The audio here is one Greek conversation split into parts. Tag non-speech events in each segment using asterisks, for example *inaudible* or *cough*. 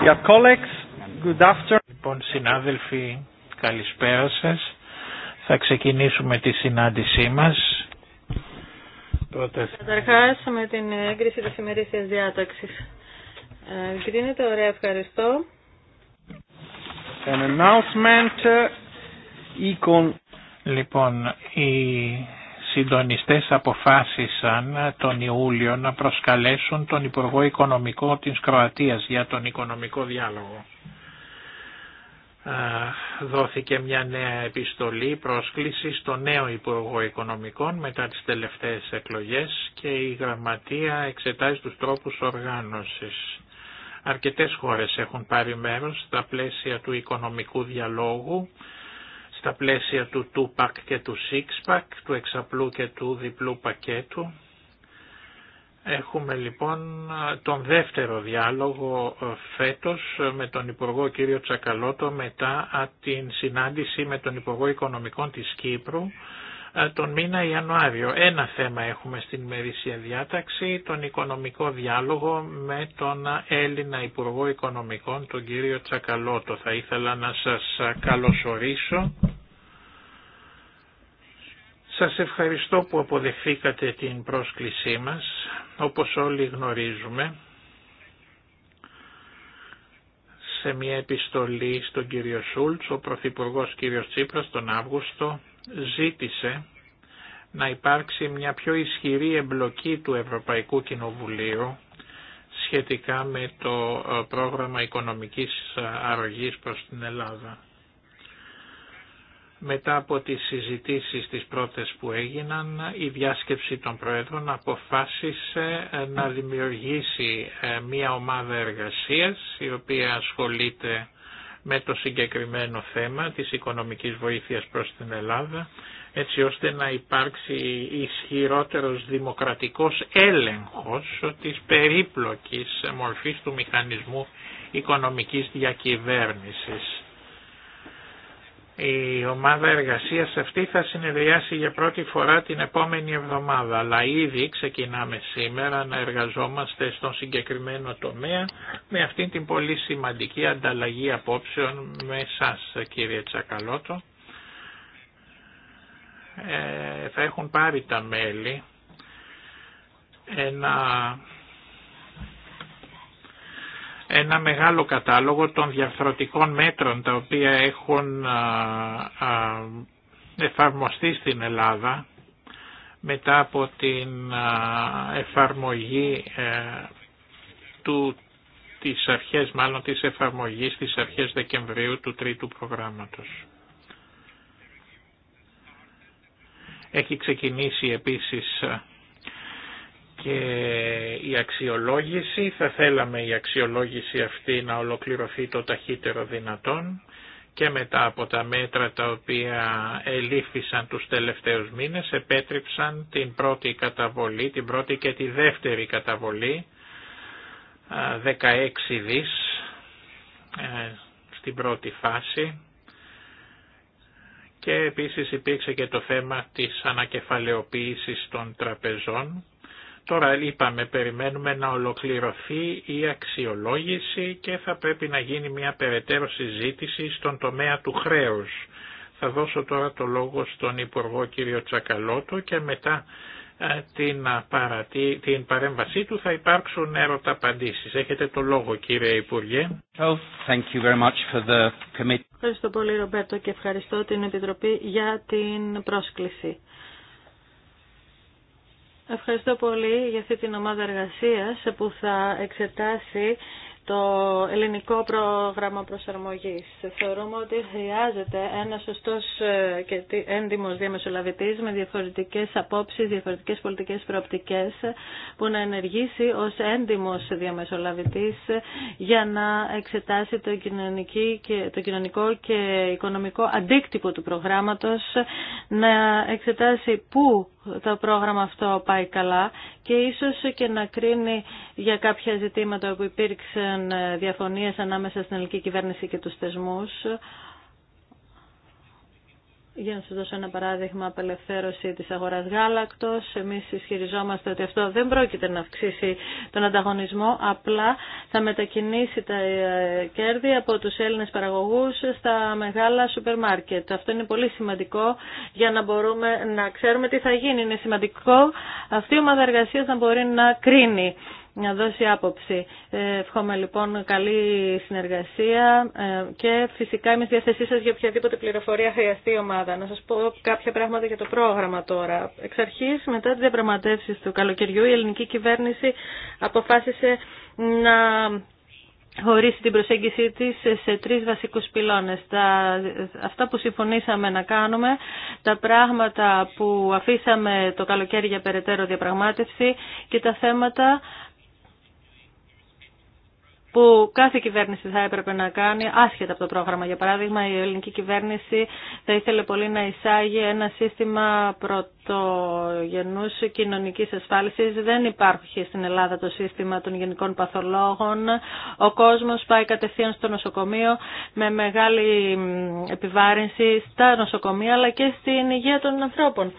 Dear colleagues, good afternoon. Λοιπόν, συνάδελφοι, καλησπέρα σας. Θα ξεκινήσουμε τη συνάντησή μας. Πρώτα... Καταρχάς, με την έγκριση της ημερήσιας διάταξης. Ε, το ωραία, ευχαριστώ. An announcement, ε, econ... Λοιπόν, η συντονιστές αποφάσισαν τον Ιούλιο να προσκαλέσουν τον Υπουργό Οικονομικό της Κροατίας για τον οικονομικό διάλογο. Ε, δόθηκε μια νέα επιστολή πρόσκληση στο νέο Υπουργό Οικονομικών μετά τις τελευταίες εκλογές και η Γραμματεία εξετάζει τους τρόπους οργάνωσης. Αρκετές χώρες έχουν πάρει μέρος στα πλαίσια του οικονομικού διαλόγου στα πλαίσια του 2-pack και του 6-pack, του εξαπλού και του διπλού πακέτου. Έχουμε λοιπόν τον δεύτερο διάλογο φέτος με τον Υπουργό κύριο Τσακαλώτο μετά την συνάντηση με τον Υπουργό Οικονομικών της Κύπρου τον μήνα Ιανουάριο. Ένα θέμα έχουμε στην μερίσια διάταξη, τον οικονομικό διάλογο με τον Έλληνα Υπουργό Οικονομικών, τον κύριο Τσακαλώτο. Θα ήθελα να σας καλωσορίσω σας ευχαριστώ που αποδεχθήκατε την πρόσκλησή μας. Όπως όλοι γνωρίζουμε, σε μια επιστολή στον κύριο Σούλτς, ο Πρωθυπουργός κύριος Τσίπρας τον Αύγουστο ζήτησε να υπάρξει μια πιο ισχυρή εμπλοκή του Ευρωπαϊκού Κοινοβουλίου σχετικά με το ε, πρόγραμμα οικονομικής ε, αρρωγής προς την Ελλάδα. Μετά από τις συζητήσεις τις πρώτες που έγιναν, η διάσκεψη των Προέδρων αποφάσισε ε, να δημιουργήσει ε, μία ομάδα εργασίας η οποία ασχολείται με το συγκεκριμένο θέμα της οικονομικής βοήθειας προς την Ελλάδα έτσι ώστε να υπάρξει ισχυρότερος δημοκρατικός έλεγχος της περίπλοκης μορφής του μηχανισμού οικονομικής διακυβέρνησης. Η ομάδα εργασίας αυτή θα συνεδριάσει για πρώτη φορά την επόμενη εβδομάδα, αλλά ήδη ξεκινάμε σήμερα να εργαζόμαστε στον συγκεκριμένο τομέα με αυτήν την πολύ σημαντική ανταλλαγή απόψεων με εσάς κύριε Τσακαλώτο. Ε, θα έχουν πάρει τα μέλη ένα ένα μεγάλο κατάλογο των διαφθρωτικών μέτρων τα οποία έχουν εφαρμοστεί στην Ελλάδα μετά από την εφαρμογή ε, του, τις αρχές, μάλλον της εφαρμογής τις αρχές Δεκεμβρίου του τρίτου προγράμματος. Έχει ξεκινήσει επίσης και η αξιολόγηση. Θα θέλαμε η αξιολόγηση αυτή να ολοκληρωθεί το ταχύτερο δυνατόν και μετά από τα μέτρα τα οποία ελήφθησαν τους τελευταίους μήνες επέτρεψαν την πρώτη καταβολή, την πρώτη και τη δεύτερη καταβολή 16 δις ε, στην πρώτη φάση και επίσης υπήρξε και το θέμα της ανακεφαλαιοποίησης των τραπεζών Τώρα είπαμε, περιμένουμε να ολοκληρωθεί η αξιολόγηση και θα πρέπει να γίνει μια περαιτέρω συζήτηση στον τομέα του χρέους. Θα δώσω τώρα το λόγο στον Υπουργό κύριο Τσακαλώτο και μετά ε, την, παρέμβασή του θα υπάρξουν έρωτα ερωταπαντήσεις. Έχετε το λόγο κύριε Υπουργέ. Oh, ευχαριστώ πολύ Ρομπέρτο και ευχαριστώ την Επιτροπή για την πρόσκληση. Ευχαριστώ πολύ για αυτή την ομάδα εργασίας που θα εξετάσει το ελληνικό πρόγραμμα προσαρμογής. Θεωρούμε ότι χρειάζεται ένα σωστός και έντιμος διαμεσολαβητής με διαφορετικές απόψεις, διαφορετικές πολιτικές προοπτικές που να ενεργήσει ως έντιμος διαμεσολαβητής για να εξετάσει το, και, το κοινωνικό και οικονομικό αντίκτυπο του προγράμματος, να εξετάσει πού το πρόγραμμα αυτό πάει καλά και ίσως και να κρίνει για κάποια ζητήματα που υπήρξαν διαφωνίες ανάμεσα στην ελληνική κυβέρνηση και τους θεσμούς για να σας δώσω ένα παράδειγμα, απελευθέρωση της αγοράς γάλακτος. Εμείς ισχυριζόμαστε ότι αυτό δεν πρόκειται να αυξήσει τον ανταγωνισμό, απλά θα μετακινήσει τα ε, κέρδη από τους Έλληνες παραγωγούς στα μεγάλα σούπερ μάρκετ. Αυτό είναι πολύ σημαντικό για να μπορούμε να ξέρουμε τι θα γίνει. Είναι σημαντικό αυτή η ομάδα εργασίας να μπορεί να κρίνει να δώσει άποψη. Εύχομαι λοιπόν καλή συνεργασία ε, και φυσικά είμαι στη διάθεσή σας για οποιαδήποτε πληροφορία χρειαστεί η ομάδα. Να σας πω κάποια πράγματα για το πρόγραμμα τώρα. Εξ αρχής, μετά τις διαπραγματεύσεις του καλοκαιριού, η ελληνική κυβέρνηση αποφάσισε να χωρίσει την προσέγγιση της σε τρεις βασικούς πυλώνες. Τα, αυτά που συμφωνήσαμε να κάνουμε, τα πράγματα που αφήσαμε το καλοκαίρι για περαιτέρω διαπραγμάτευση και τα θέματα που κάθε κυβέρνηση θα έπρεπε να κάνει, άσχετα από το πρόγραμμα. Για παράδειγμα, η ελληνική κυβέρνηση θα ήθελε πολύ να εισάγει ένα σύστημα πρωτογενούς κοινωνικής ασφάλισης. Δεν υπάρχει στην Ελλάδα το σύστημα των γενικών παθολόγων. Ο κόσμος πάει κατευθείαν στο νοσοκομείο με μεγάλη επιβάρυνση στα νοσοκομεία αλλά και στην υγεία των ανθρώπων.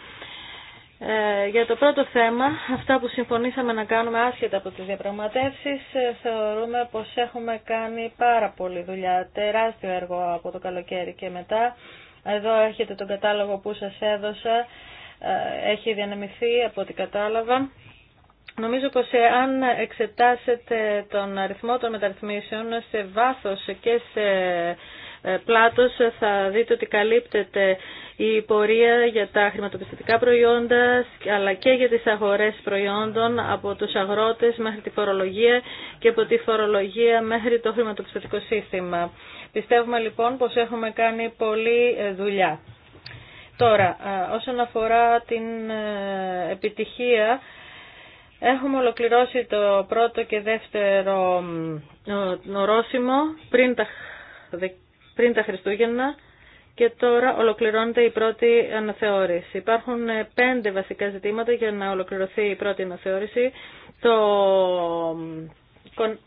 Ε, για το πρώτο θέμα, αυτά που συμφωνήσαμε να κάνουμε άσχετα από τις διαπραγματεύσεις, ε, θεωρούμε πως έχουμε κάνει πάρα πολλή δουλειά, τεράστιο έργο από το καλοκαίρι και μετά. Εδώ έχετε τον κατάλογο που σας έδωσα, ε, έχει διανεμηθεί από ό,τι κατάλαβα. Νομίζω πως αν εξετάσετε τον αριθμό των μεταρρυθμίσεων σε βάθος και σε ε, πλάτος ε, θα δείτε ότι καλύπτεται η πορεία για τα χρηματοπιστωτικά προϊόντα αλλά και για τις αγορές προϊόντων από τους αγρότες μέχρι τη φορολογία και από τη φορολογία μέχρι το χρηματοπιστωτικό σύστημα. Πιστεύουμε λοιπόν πως έχουμε κάνει πολλή ε, δουλειά. Τώρα, όσον αφορά την επιτυχία, έχουμε ολοκληρώσει το πρώτο και δεύτερο ορόσημο πριν τα πριν τα Χριστούγεννα και τώρα ολοκληρώνεται η πρώτη αναθεώρηση. Υπάρχουν ε, πέντε βασικά ζητήματα για να ολοκληρωθεί η πρώτη αναθεώρηση. Το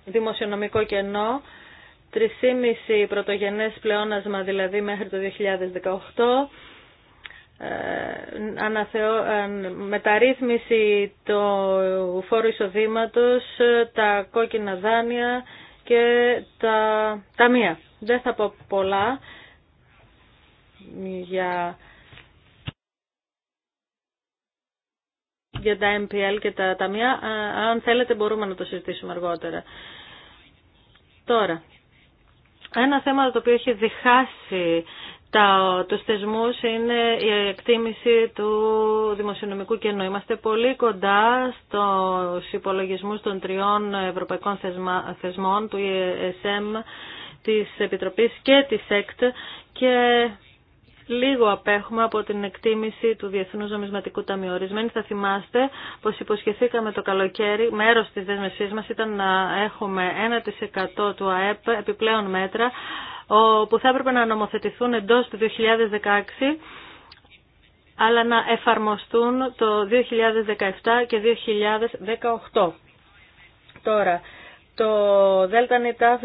δημοσιονομικό κενό, 3,5 πρωτογενές πλεόνασμα δηλαδή μέχρι το 2018, ε, αναθεω... Ε, μεταρρύθμιση του φόρου εισοδήματος, τα κόκκινα δάνεια, και τα ταμεία. Δεν θα πω πολλά για, για τα MPL και τα ταμεία. Αν θέλετε μπορούμε να το συζητήσουμε αργότερα. Τώρα, ένα θέμα το οποίο έχει διχάσει τα, τους θεσμούς είναι η εκτίμηση του δημοσιονομικού κενού. Είμαστε πολύ κοντά στους υπολογισμούς των τριών ευρωπαϊκών θεσμών, του ESM, της Επιτροπής και της ΕΚΤ και Λίγο απέχουμε από την εκτίμηση του Διεθνούς Νομισματικού Ταμείου. Ορισμένοι θα θυμάστε πως υποσχεθήκαμε το καλοκαίρι, μέρος της δέσμευσής μα ήταν να έχουμε 1% του ΑΕΠ επιπλέον μέτρα που θα έπρεπε να νομοθετηθούν εντό του 2016 αλλά να εφαρμοστούν το 2017 και 2018. Τώρα, το ΔΝΤ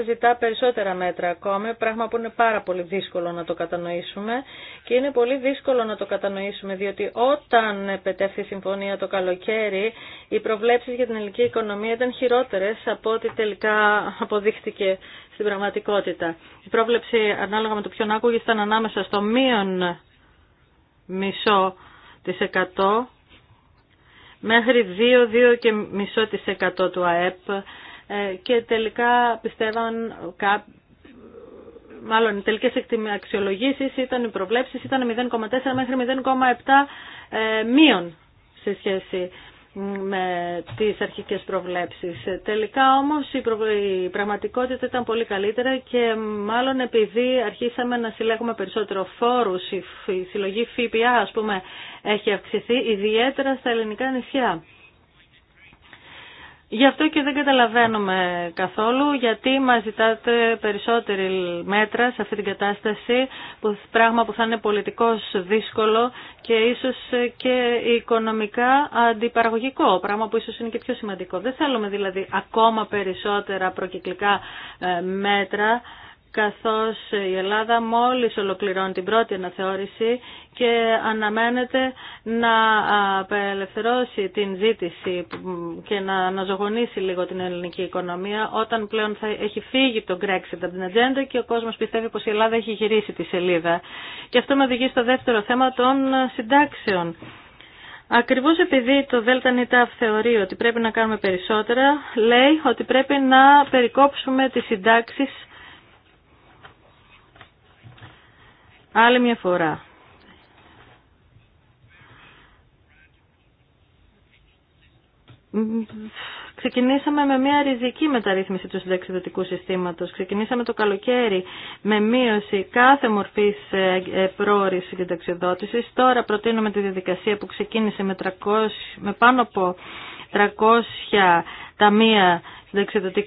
ζητά περισσότερα μέτρα ακόμη, πράγμα που είναι πάρα πολύ δύσκολο να το κατανοήσουμε και είναι πολύ δύσκολο να το κατανοήσουμε διότι όταν πετέφθη η συμφωνία το καλοκαίρι οι προβλέψεις για την ελληνική οικονομία ήταν χειρότερες από ό,τι τελικά αποδείχτηκε στην πραγματικότητα. Η πρόβλεψη ανάλογα με το ποιον άκουγε ήταν ανάμεσα στο μείον μισό της εκατό μέχρι 2-2 και μισό της εκατό του ΑΕΠ ε, και τελικά πιστεύαν μάλλον οι τελικές αξιολογήσεις ήταν οι προβλέψεις ήταν 0,4 μέχρι 0,7 ε, μείον σε σχέση με τις αρχικές προβλέψεις. Ε, τελικά όμως η πραγματικότητα ήταν πολύ καλύτερα και μάλλον επειδή αρχίσαμε να συλλέγουμε περισσότερο φόρους, η συλλογή ΦΠΑ ας πούμε έχει αυξηθεί ιδιαίτερα στα ελληνικά νησιά. Γι' αυτό και δεν καταλαβαίνουμε καθόλου γιατί μας ζητάτε περισσότερη μέτρα σε αυτή την κατάσταση, που, πράγμα που θα είναι πολιτικώς δύσκολο και ίσως και οικονομικά αντιπαραγωγικό, πράγμα που ίσως είναι και πιο σημαντικό. Δεν θέλουμε δηλαδή ακόμα περισσότερα προκυκλικά ε, μέτρα, καθώς η Ελλάδα μόλις ολοκληρώνει την πρώτη αναθεώρηση και αναμένεται να απελευθερώσει την ζήτηση και να αναζωογονήσει λίγο την ελληνική οικονομία όταν πλέον θα έχει φύγει το Brexit από την ατζέντα και ο κόσμος πιστεύει πως η Ελλάδα έχει γυρίσει τη σελίδα. Και αυτό με οδηγεί στο δεύτερο θέμα των συντάξεων. Ακριβώς επειδή το ΔΝΤ θεωρεί ότι πρέπει να κάνουμε περισσότερα, λέει ότι πρέπει να περικόψουμε τις συντάξεις Άλλη μια φορά. Ξεκινήσαμε με μια ριζική μεταρρύθμιση του συνταξιδοτικού συστήματος. Ξεκινήσαμε το καλοκαίρι με μείωση κάθε μορφής ε, ε, πρόορης συνταξιδότησης. Τώρα προτείνουμε τη διαδικασία που ξεκίνησε με, 300, με πάνω από 300 ταμεία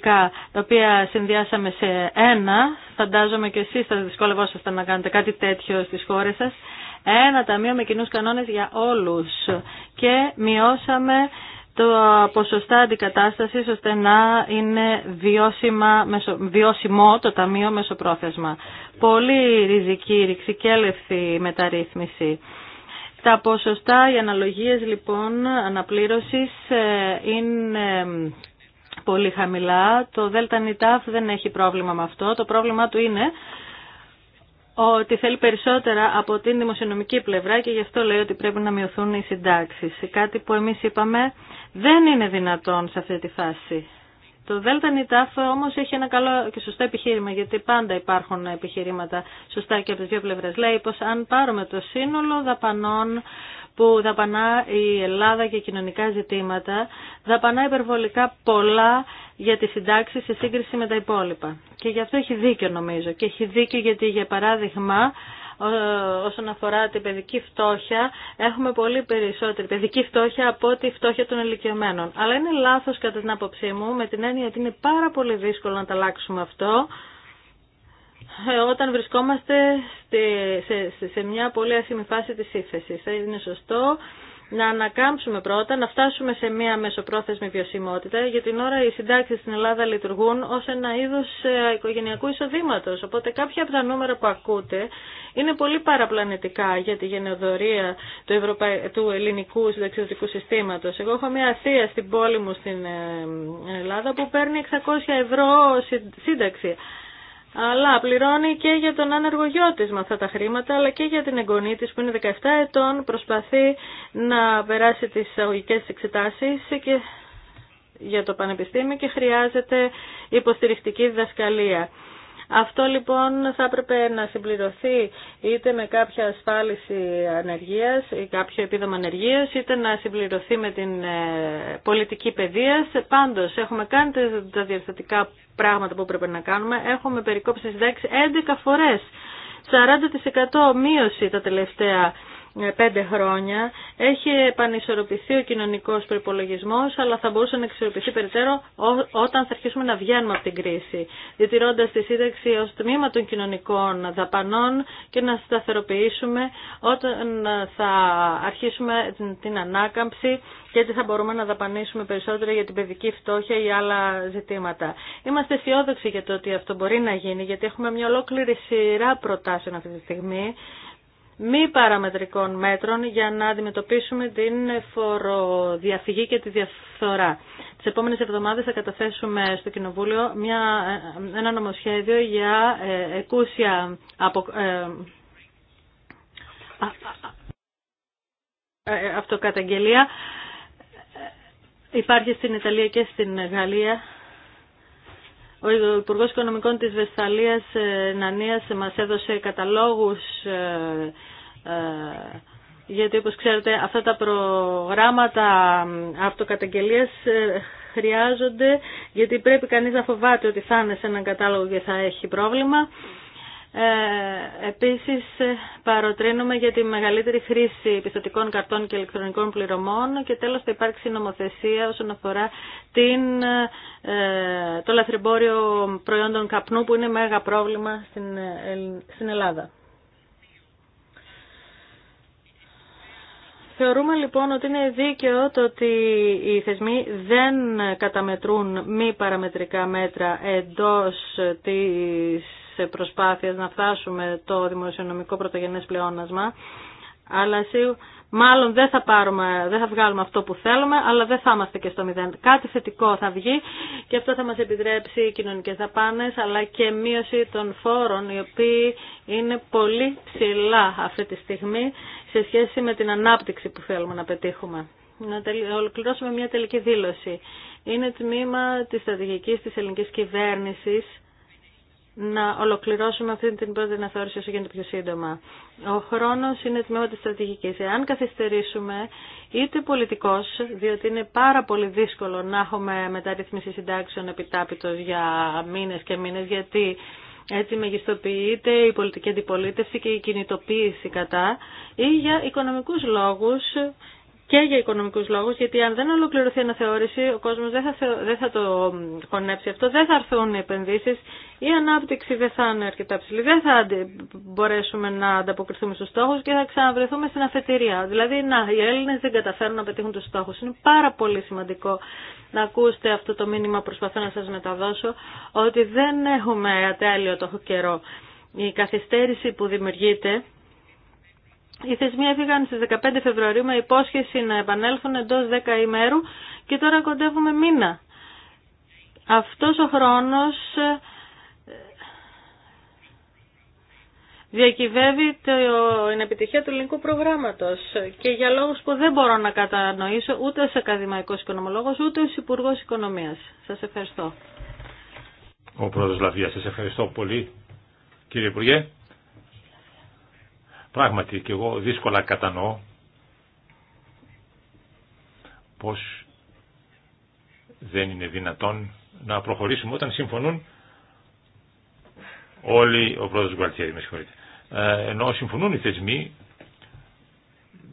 τα οποία συνδυάσαμε σε ένα, φαντάζομαι και εσείς θα δυσκολευόσαστε να κάνετε κάτι τέτοιο στις χώρες σας, ένα ταμείο με κοινούς κανόνες για όλους και μειώσαμε το ποσοστά αντικατάσταση, ώστε να είναι βιώσιμα, βιώσιμο το Ταμείο Μεσοπρόθεσμα. Πολύ ριζική, ρηξικέλευθη μεταρρύθμιση. Τα ποσοστά, οι αναλογίες λοιπόν αναπλήρωσης ε, είναι πολύ χαμηλά. Το ΔΝΤ δεν έχει πρόβλημα με αυτό. Το πρόβλημά του είναι ότι θέλει περισσότερα από την δημοσιονομική πλευρά και γι' αυτό λέει ότι πρέπει να μειωθούν οι συντάξει. Κάτι που εμείς είπαμε δεν είναι δυνατόν σε αυτή τη φάση. Το ΔΝΤ όμω έχει ένα καλό και σωστό επιχείρημα, γιατί πάντα υπάρχουν επιχειρήματα σωστά και από τι δύο πλευρέ. Λέει πω αν πάρουμε το σύνολο δαπανών που δαπανά η Ελλάδα για κοινωνικά ζητήματα, δαπανά υπερβολικά πολλά για τη συντάξει σε σύγκριση με τα υπόλοιπα. Και γι' αυτό έχει δίκιο νομίζω. Και έχει δίκιο γιατί για παράδειγμα όσον αφορά την παιδική φτώχεια έχουμε πολύ περισσότερη παιδική φτώχεια από τη φτώχεια των ηλικιωμένων. Αλλά είναι λάθος κατά την άποψή μου με την έννοια ότι είναι πάρα πολύ δύσκολο να τα αλλάξουμε αυτό ε, όταν βρισκόμαστε σε μια πολύ ασχημή φάση της ύφεσης. Θα είναι σωστό να ανακάμψουμε πρώτα, να φτάσουμε σε μια μεσοπρόθεσμη βιωσιμότητα. Για την ώρα οι συντάξει στην Ελλάδα λειτουργούν ω ένα είδο ε, οικογενειακού εισοδήματο. Οπότε κάποια από τα νούμερα που ακούτε είναι πολύ παραπλανητικά για τη γενεοδορία του, Ευρωπα... του ελληνικού συνταξιδοτικού συστήματο. Εγώ έχω μια θεία στην πόλη μου στην ε, Ελλάδα που παίρνει 600 ευρώ σύνταξη αλλά πληρώνει και για τον άνεργο γιο της με αυτά τα χρήματα, αλλά και για την εγγονή της που είναι 17 ετών, προσπαθεί να περάσει τις αγωγικές εξετάσεις και για το πανεπιστήμιο και χρειάζεται υποστηρικτική διδασκαλία. Αυτό λοιπόν θα έπρεπε να συμπληρωθεί είτε με κάποια ασφάλιση ανεργίας ή κάποιο επίδομα ανεργίας, είτε να συμπληρωθεί με την ε, πολιτική παιδεία. Πάντως έχουμε κάνει τα διαστατικά πράγματα που έπρεπε να κάνουμε. Έχουμε περικόψει 16 11 φορές. 40% μείωση τα τελευταία ε, πέντε χρόνια. Έχει επανισορροπηθεί ο κοινωνικό προπολογισμό, αλλά θα μπορούσε να εξορροπηθεί περιττέρω όταν θα αρχίσουμε να βγαίνουμε από την κρίση, διτηρώντας τη σύνταξη ω τμήμα των κοινωνικών δαπανών και να σταθεροποιήσουμε όταν θα αρχίσουμε την ανάκαμψη και έτσι θα μπορούμε να δαπανίσουμε περισσότερα για την παιδική φτώχεια ή άλλα ζητήματα. Είμαστε αισιόδοξοι για το ότι αυτό μπορεί να γίνει, γιατί έχουμε μια ολόκληρη σειρά προτάσεων αυτή τη στιγμή μη παραμετρικών μέτρων για να αντιμετωπίσουμε την φοροδιαφυγή και τη διαφθορά. Τις επόμενες εβδομάδες θα καταθέσουμε στο Κοινοβούλιο μια, ένα νομοσχέδιο για ε, εκούσια απο, ε, ε, αυτοκαταγγελία. Υπάρχει στην Ιταλία και στην Γαλλία ο Υπουργός Οικονομικών της Βεσσαλίας ε, Νανίας μας έδωσε καταλόγους ε, ε, γιατί όπως ξέρετε αυτά τα προγράμματα αυτοκαταγγελίας χρειάζονται γιατί πρέπει κανείς να φοβάται ότι θα είναι σε έναν κατάλογο και θα έχει πρόβλημα. Ε, επίσης ε, παροτρύνουμε για τη μεγαλύτερη χρήση πιστοτικών καρτών και ηλεκτρονικών πληρωμών και τέλος θα υπάρξει νομοθεσία όσον αφορά την, ε, το λαθρεμπόριο προϊόντων καπνού που είναι μέγα πρόβλημα στην, στην Ελλάδα. Θεωρούμε λοιπόν ότι είναι δίκαιο το ότι οι θεσμοί δεν καταμετρούν μη παραμετρικά μέτρα εντός της προσπάθειας να φτάσουμε το δημοσιονομικό πρωτογενές πλεόνασμα, αλλά μάλλον δεν θα, πάρουμε, δεν θα βγάλουμε αυτό που θέλουμε, αλλά δεν θα είμαστε και στο μηδέν. Κάτι θετικό θα βγει και αυτό θα μας επιτρέψει οι κοινωνικές δαπάνες, αλλά και μείωση των φόρων, οι οποίοι είναι πολύ ψηλά αυτή τη στιγμή σε σχέση με την ανάπτυξη που θέλουμε να πετύχουμε. Να ολοκληρώσουμε μια τελική δήλωση. Είναι τμήμα της στρατηγικής της ελληνικής κυβέρνησης να ολοκληρώσουμε αυτή την πρώτη αναθεώρηση όσο γίνεται πιο σύντομα. Ο χρόνος είναι τμήμα τη στρατηγική. Εάν καθυστερήσουμε, είτε πολιτικός, διότι είναι πάρα πολύ δύσκολο να έχουμε μεταρρύθμιση συντάξεων επιτάπητο για μήνε και μήνε, γιατί έτσι μεγιστοποιείται η πολιτική αντιπολίτευση και η κινητοποίηση κατά, ή για οικονομικού λόγου και για οικονομικούς λόγους, γιατί αν δεν ολοκληρωθεί η αναθεώρηση, ο κόσμος δεν θα, δεν θα το χωνέψει αυτό, δεν θα έρθουν οι επενδύσεις, η ανάπτυξη δεν θα είναι αρκετά ψηλή, δεν θα μπορέσουμε να ανταποκριθούμε στους στόχους και θα ξαναβρεθούμε στην αφετηρία. Δηλαδή, να, οι Έλληνες δεν καταφέρουν να πετύχουν τους στόχους. Είναι πάρα πολύ σημαντικό να ακούσετε αυτό το μήνυμα, προσπαθώ να σας μεταδώσω, ότι δεν έχουμε ατέλειο το καιρό. Η καθυστέρηση που δημιουργείται οι θεσμοί έφυγαν στις 15 Φεβρουαρίου με υπόσχεση να επανέλθουν εντός 10 ημέρου και τώρα κοντεύουμε μήνα. Αυτός ο χρόνος ε, διακυβεύει την επιτυχία του ελληνικού προγράμματος και για λόγους που δεν μπορώ να κατανοήσω ούτε ως ακαδημαϊκός οικονομολόγος ούτε ως υπουργό Οικονομίας. Σας ευχαριστώ. Ο πρόεδρος Λαβία, σας ευχαριστώ πολύ κύριε Υπουργέ. Πράγματι και εγώ δύσκολα κατανοώ πως δεν είναι δυνατόν να προχωρήσουμε όταν συμφωνούν όλοι, ο πρόεδρος Γκουαλτιέρη με συγχωρείτε, ε, ενώ συμφωνούν οι θεσμοί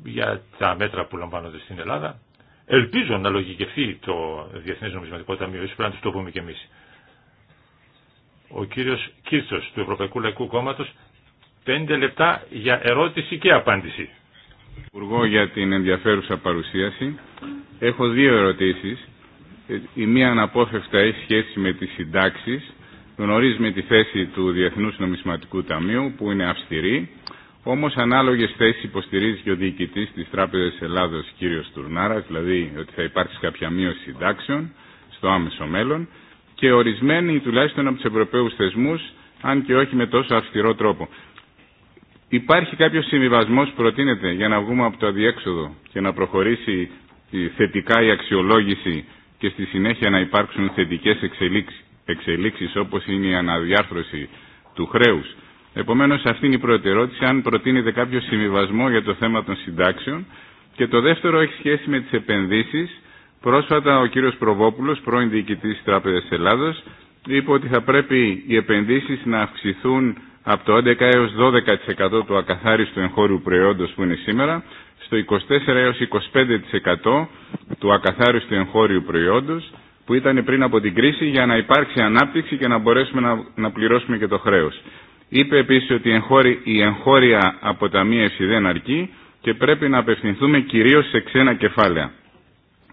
για τα μέτρα που λαμβάνονται στην Ελλάδα, ελπίζω να λογικευτεί το Διεθνές Νομισματικό Ταμείο, ίσως πρέπει να τους το πούμε και εμείς. Ο κύριος Κίρτσος του Ευρωπαϊκού Λαϊκού Κόμματος Πέντε λεπτά για ερώτηση και απάντηση. Υπουργό για την ενδιαφέρουσα παρουσίαση. Έχω δύο ερωτήσεις. Ε, η μία αναπόφευκτα έχει σχέση με τις συντάξεις. Γνωρίζουμε τη θέση του Διεθνούς Νομισματικού Ταμείου που είναι αυστηρή. Όμως ανάλογες θέσεις υποστηρίζει και ο διοικητής της Τράπεζας Ελλάδος κύριος Τουρνάρας, δηλαδή ότι θα υπάρξει κάποια μείωση συντάξεων στο άμεσο μέλλον και ορισμένοι τουλάχιστον από τους Ευρωπαίους θεσμούς αν και όχι με τόσο αυστηρό τρόπο. Υπάρχει κάποιος συμβιβασμός που προτείνεται για να βγούμε από το αδιέξοδο και να προχωρήσει θετικά η αξιολόγηση και στη συνέχεια να υπάρξουν θετικές εξελίξεις, εξελίξεις όπως είναι η αναδιάρθρωση του χρέους. Επομένως αυτή είναι η πρώτη ερώτηση, αν προτείνεται κάποιο συμβιβασμό για το θέμα των συντάξεων. Και το δεύτερο έχει σχέση με τις επενδύσεις. Πρόσφατα ο κύριος Προβόπουλος, πρώην διοικητής της Τράπεζας Ελλάδος, είπε ότι θα πρέπει οι επενδύσεις να αυξηθούν από το 11 έως 12% του ακαθάριστου εγχώριου προϊόντος που είναι σήμερα στο 24 έως 25% του ακαθάριστου εγχώριου προϊόντος που ήταν πριν από την κρίση για να υπάρξει ανάπτυξη και να μπορέσουμε να, να πληρώσουμε και το χρέος. Είπε επίσης ότι η εγχώρια αποταμίευση δεν αρκεί και πρέπει να απευθυνθούμε κυρίως σε ξένα κεφάλαια.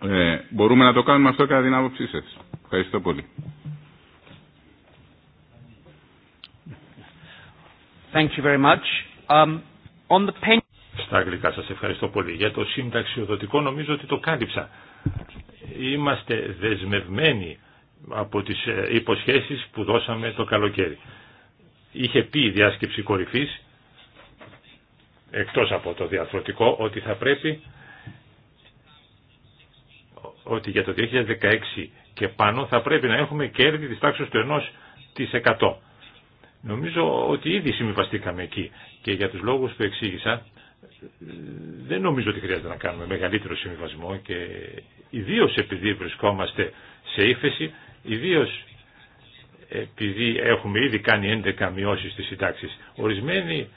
Ε, μπορούμε να το κάνουμε αυτό κατά την άποψή σας. Ευχαριστώ πολύ. Thank you very much. Um, on the pen... Στα αγγλικά σας ευχαριστώ πολύ. Για το συνταξιοδοτικό νομίζω ότι το κάλυψα. Είμαστε δεσμευμένοι από τις ε, υποσχέσεις που δώσαμε το καλοκαίρι. Είχε πει η διάσκεψη κορυφής, εκτός από το διαθροτικό, ότι θα πρέπει ότι για το 2016 και πάνω θα πρέπει να έχουμε κέρδη της τάξης του 1%. Νομίζω ότι ήδη συμβιβαστήκαμε εκεί και για τους λόγους που εξήγησα δεν νομίζω ότι χρειάζεται να κάνουμε μεγαλύτερο συμβιβασμό και ιδίω επειδή βρισκόμαστε σε ύφεση, ιδίω επειδή έχουμε ήδη κάνει 11 μειώσεις στις συντάξεις. Ορισμένοι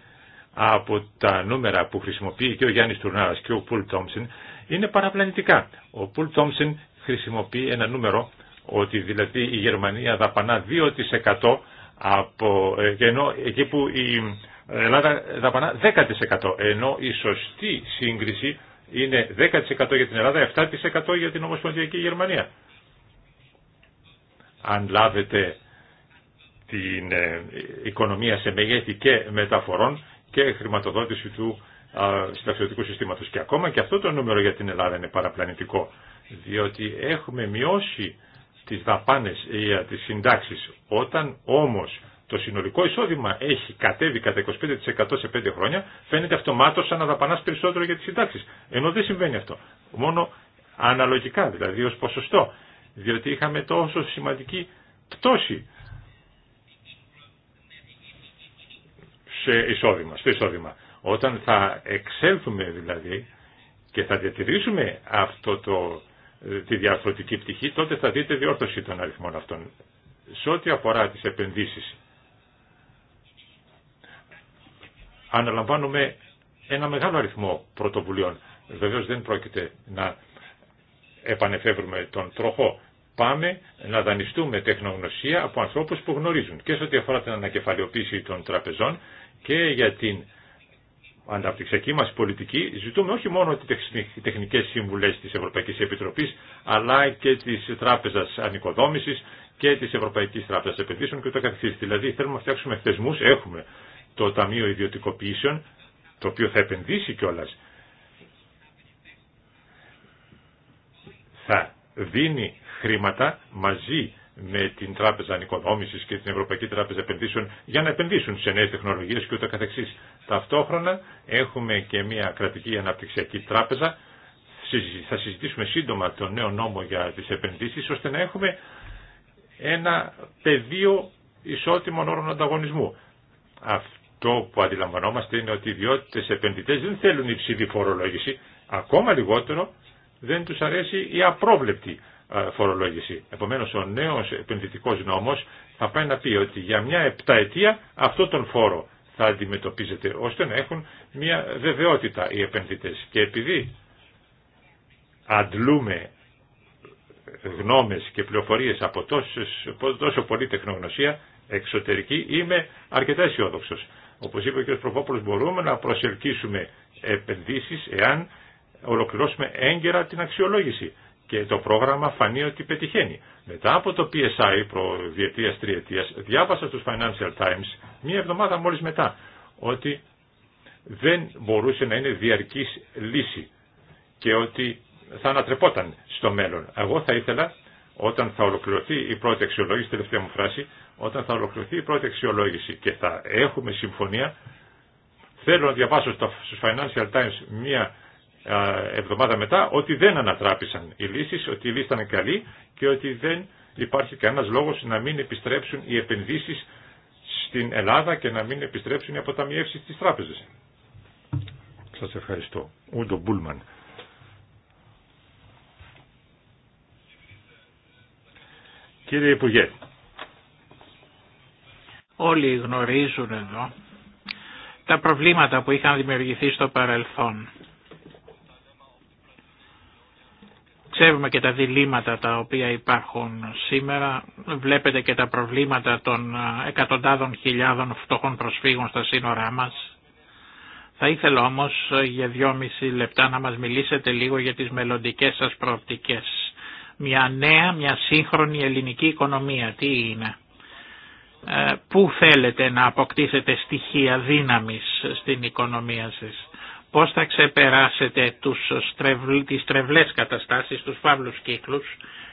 από τα νούμερα που χρησιμοποιεί και ο Γιάννης Τουρνάρας και ο Πουλ Τόμψεν είναι παραπλανητικά. Ο Πουλ Τόμψεν χρησιμοποιεί ένα νούμερο ότι δηλαδή η Γερμανία δαπανά 2% από, ε, ενώ εκεί που η Ελλάδα δαπανά 10% ενώ η σωστή σύγκριση είναι 10% για την Ελλάδα, 7% για την Ομοσπονδιακή Γερμανία. Αν λάβετε την ε, οικονομία σε μεγέθη και μεταφορών και χρηματοδότηση του συνταξιωτικού συστήματος. Και ακόμα και αυτό το νούμερο για την Ελλάδα είναι παραπλανητικό, διότι έχουμε μειώσει τις δαπάνες για ε, τις συντάξεις. Όταν όμως το συνολικό εισόδημα έχει κατέβει κατά 25% σε 5 χρόνια, φαίνεται αυτομάτως σαν να δαπανάς περισσότερο για τις συντάξεις. Ενώ δεν συμβαίνει αυτό. Μόνο αναλογικά, δηλαδή ως ποσοστό. Διότι είχαμε τόσο σημαντική πτώση σε εισόδημα, στο εισόδημα. Όταν θα εξέλθουμε δηλαδή και θα διατηρήσουμε αυτό το ε, τη διαρθρωτική πτυχή, τότε θα δείτε διόρθωση των αριθμών αυτών. Σε ό,τι αφορά τις επενδύσεις, αναλαμβάνουμε ένα μεγάλο αριθμό πρωτοβουλειών. Βεβαίως δεν πρόκειται να επανεφεύρουμε τον τροχό. Πάμε να δανειστούμε τεχνογνωσία από ανθρώπους που γνωρίζουν και σε ό,τι αφορά την ανακεφαλαιοποίηση των τραπεζών και για την Ανταπτυξιακή μας πολιτική ζητούμε όχι μόνο τις τεχνικές συμβουλές της Ευρωπαϊκής Επιτροπής αλλά και της Τράπεζας Ανοικοδόμησης και της Ευρωπαϊκής Τράπεζας Επενδύσεων και το καθεξής. Δηλαδή θέλουμε να φτιάξουμε θεσμούς, έχουμε το Ταμείο Ιδιωτικοποιήσεων το οποίο θα επενδύσει κιόλα. Θα δίνει χρήματα μαζί με την Τράπεζα Ανοικοδόμηση και την Ευρωπαϊκή Τράπεζα Επενδύσεων για να επενδύσουν σε νέε τεχνολογίε και ούτω καθεξής. Ταυτόχρονα έχουμε και μια κρατική αναπτυξιακή τράπεζα. Θα συζητήσουμε σύντομα τον νέο νόμο για τι επενδύσει, ώστε να έχουμε ένα πεδίο ισότιμων όρων ανταγωνισμού. Αυτό που αντιλαμβανόμαστε είναι ότι οι ιδιώτε επενδυτέ δεν θέλουν υψηλή φορολόγηση, ακόμα λιγότερο δεν τους αρέσει η απρόβλεπτη ε, φορολόγηση. Επομένως ο νέο επενδυτικό νόμος θα πάει να πει ότι για μια επταετία αυτό τον φόρο θα αντιμετωπίζεται ώστε να έχουν μια βεβαιότητα οι επενδυτέ. Και επειδή αντλούμε γνώμες και πληροφορίες από τόσο πολύ τεχνογνωσία εξωτερική είμαι αρκετά αισιόδοξο. Όπως είπε ο κ. Προφόπουλος μπορούμε να προσελκύσουμε επενδύσεις εάν ολοκληρώσουμε έγκαιρα την αξιολόγηση και το πρόγραμμα φανεί ότι πετυχαίνει. Μετά από το PSI προδιετίας τριετίας διάβασα στους Financial Times μία εβδομάδα μόλις μετά ότι δεν μπορούσε να είναι διαρκής λύση και ότι θα ανατρεπόταν στο μέλλον. Εγώ θα ήθελα όταν θα ολοκληρωθεί η πρώτη αξιολόγηση, τελευταία μου φράση, όταν θα ολοκληρωθεί η πρώτη αξιολόγηση και θα έχουμε συμφωνία, θέλω να διαβάσω στους Financial Times μία εβδομάδα μετά ότι δεν ανατράπησαν οι λύσεις, ότι οι λύση ήταν καλοί και ότι δεν υπάρχει κανένας λόγος να μην επιστρέψουν οι επενδύσεις στην Ελλάδα και να μην επιστρέψουν οι αποταμιεύσεις της τράπεζας. Σας ευχαριστώ. Ούντο Μπούλμαν. Κύριε Υπουργέ. Όλοι γνωρίζουν εδώ τα προβλήματα που είχαν δημιουργηθεί στο παρελθόν Πιστεύουμε και τα διλήμματα τα οποία υπάρχουν σήμερα. Βλέπετε και τα προβλήματα των εκατοντάδων χιλιάδων φτωχών προσφύγων στα σύνορά μας. Θα ήθελα όμως για δυόμιση λεπτά να μας μιλήσετε λίγο για τις μελλοντικές σας προοπτικές. Μια νέα, μια σύγχρονη ελληνική οικονομία, τι είναι. Ε, πού θέλετε να αποκτήσετε στοιχεία δύναμης στην οικονομία σας πώς θα ξεπεράσετε τους στρεβλ, τις τρευλές καταστάσεις, τους φαύλους κύκλους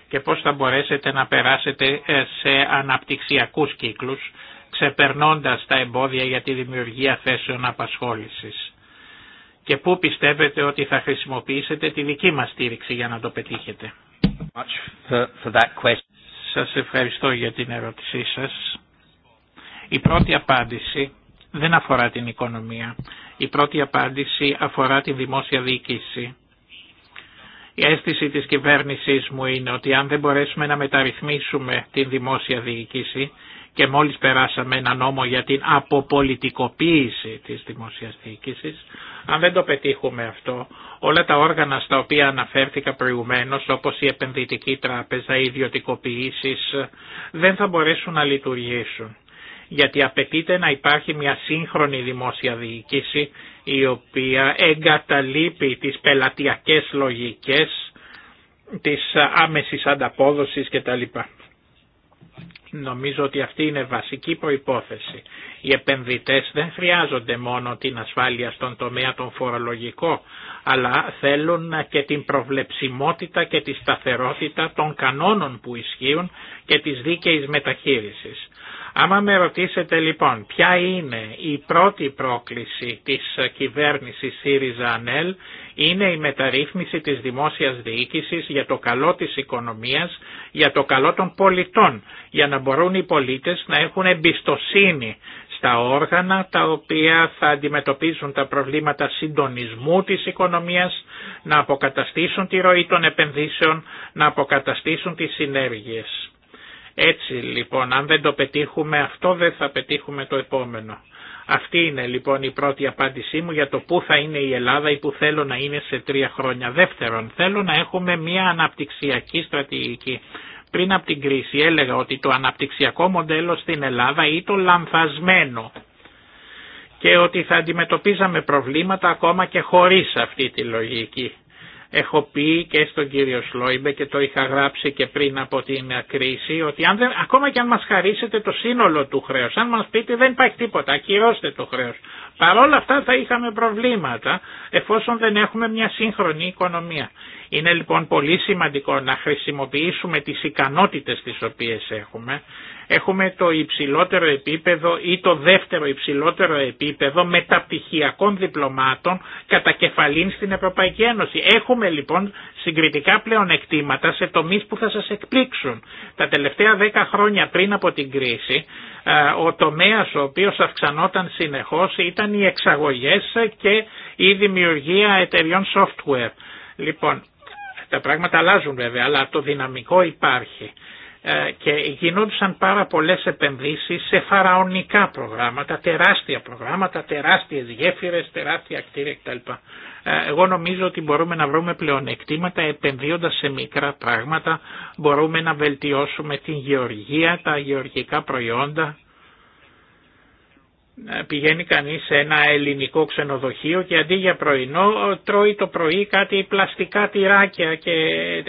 και πώς θα μπορέσετε να περάσετε ε, σε αναπτυξιακούς κύκλους, ξεπερνώντας τα εμπόδια για τη δημιουργία θέσεων απασχόλησης. Και πού πιστεύετε ότι θα χρησιμοποιήσετε τη δική μας στήριξη για να το πετύχετε. Σας ευχαριστώ για την ερώτησή σας. Η πρώτη απάντηση δεν αφορά την οικονομία. Η πρώτη απάντηση αφορά την δημόσια διοίκηση. Η αίσθηση της κυβέρνησης μου είναι ότι αν δεν μπορέσουμε να μεταρρυθμίσουμε την δημόσια διοίκηση και μόλις περάσαμε ένα νόμο για την αποπολιτικοποίηση της δημόσιας διοίκησης, αν δεν το πετύχουμε αυτό, όλα τα όργανα στα οποία αναφέρθηκα προηγουμένως, όπως η επενδυτική τράπεζα, οι ιδιωτικοποιήσεις, δεν θα μπορέσουν να λειτουργήσουν γιατί απαιτείται να υπάρχει μια σύγχρονη δημόσια διοίκηση η οποία εγκαταλείπει τις πελατειακές λογικές της άμεσης ανταπόδοσης κτλ. Νομίζω ότι αυτή είναι βασική προϋπόθεση. Οι επενδυτές δεν χρειάζονται μόνο την ασφάλεια στον τομέα των φορολογικό, αλλά θέλουν και την προβλεψιμότητα και τη σταθερότητα των κανόνων που ισχύουν και της δίκαιης μεταχείρισης. Άμα με ρωτήσετε λοιπόν ποια είναι η πρώτη πρόκληση της κυβέρνησης ΣΥΡΙΖΑ ΑΝΕΛ είναι η μεταρρύθμιση της δημόσιας διοίκησης για το καλό της οικονομίας, για το καλό των πολιτών, για να μπορούν οι πολίτες να έχουν εμπιστοσύνη στα όργανα τα οποία θα αντιμετωπίσουν τα προβλήματα συντονισμού της οικονομίας, να αποκαταστήσουν τη ροή των επενδύσεων, να αποκαταστήσουν τις συνέργειες. Έτσι λοιπόν, αν δεν το πετύχουμε αυτό δεν θα πετύχουμε το επόμενο. Αυτή είναι λοιπόν η πρώτη απάντησή μου για το πού θα είναι η Ελλάδα ή πού θέλω να είναι σε τρία χρόνια. Δεύτερον, θέλω να έχουμε μια αναπτυξιακή στρατηγική. Πριν από την κρίση έλεγα ότι το αναπτυξιακό μοντέλο στην Ελλάδα ή το λανθασμένο και ότι θα αντιμετωπίζαμε προβλήματα ακόμα και χωρίς αυτή τη λογική. Έχω πει και στον κύριο Σλόιμπε και το είχα γράψει και πριν από την κρίση ότι αν δεν, ακόμα και αν μας χαρίσετε το σύνολο του χρέους, αν μας πείτε δεν υπάρχει τίποτα, ακυρώστε το χρέος. Παρ' όλα αυτά θα είχαμε προβλήματα εφόσον δεν έχουμε μια σύγχρονη οικονομία. Είναι λοιπόν πολύ σημαντικό να χρησιμοποιήσουμε τις ικανότητες τις οποίες έχουμε Έχουμε το υψηλότερο επίπεδο ή το δεύτερο υψηλότερο επίπεδο μεταπτυχιακών διπλωμάτων κατά κεφαλήν στην Ευρωπαϊκή Ένωση. Έχουμε λοιπόν συγκριτικά πλεονεκτήματα σε τομείς που θα σας εκπλήξουν. Τα τελευταία δέκα χρόνια πριν από την κρίση ο τομέας ο οποίος αυξανόταν συνεχώς ήταν οι εξαγωγές και η δημιουργία εταιριών software. Λοιπόν, τα πράγματα αλλάζουν βέβαια, αλλά το δυναμικό υπάρχει. Ε, και γινόντουσαν πάρα πολλές επενδύσεις σε φαραωνικά προγράμματα, τεράστια προγράμματα, τεράστιες γέφυρες, τεράστια κτίρια κτλ. Ε, εγώ νομίζω ότι μπορούμε να βρούμε πλεονεκτήματα επενδύοντας σε μικρά πράγματα, μπορούμε να βελτιώσουμε την γεωργία, τα γεωργικά προϊόντα, πηγαίνει κανείς σε ένα ελληνικό ξενοδοχείο και αντί για πρωινό τρώει το πρωί κάτι πλαστικά τυράκια και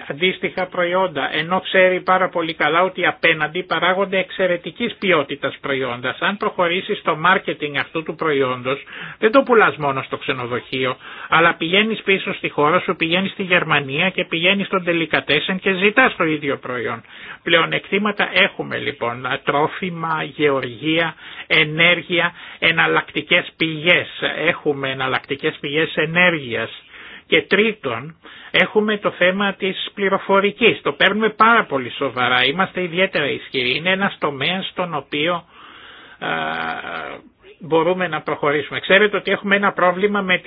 αντίστοιχα προϊόντα ενώ ξέρει πάρα πολύ καλά ότι απέναντι παράγονται εξαιρετικής ποιότητας προϊόντα. Αν προχωρήσει στο μάρκετινγκ αυτού του προϊόντος δεν το πουλάς μόνο στο ξενοδοχείο αλλά πηγαίνεις πίσω στη χώρα σου, πηγαίνεις στη Γερμανία και πηγαίνεις στον τελικατέσεν και ζητάς το ίδιο προϊόν. Πλεονεκτήματα έχουμε λοιπόν, τρόφιμα, γεωργία, ενέργεια εναλλακτικές πηγές, έχουμε εναλλακτικές πηγές ενέργειας και τρίτον έχουμε το θέμα της πληροφορικής, το παίρνουμε πάρα πολύ σοβαρά, είμαστε ιδιαίτερα ισχυροί, είναι ένας τομέας στον οποίο μπορούμε να προχωρήσουμε. Ξέρετε ότι έχουμε ένα πρόβλημα με,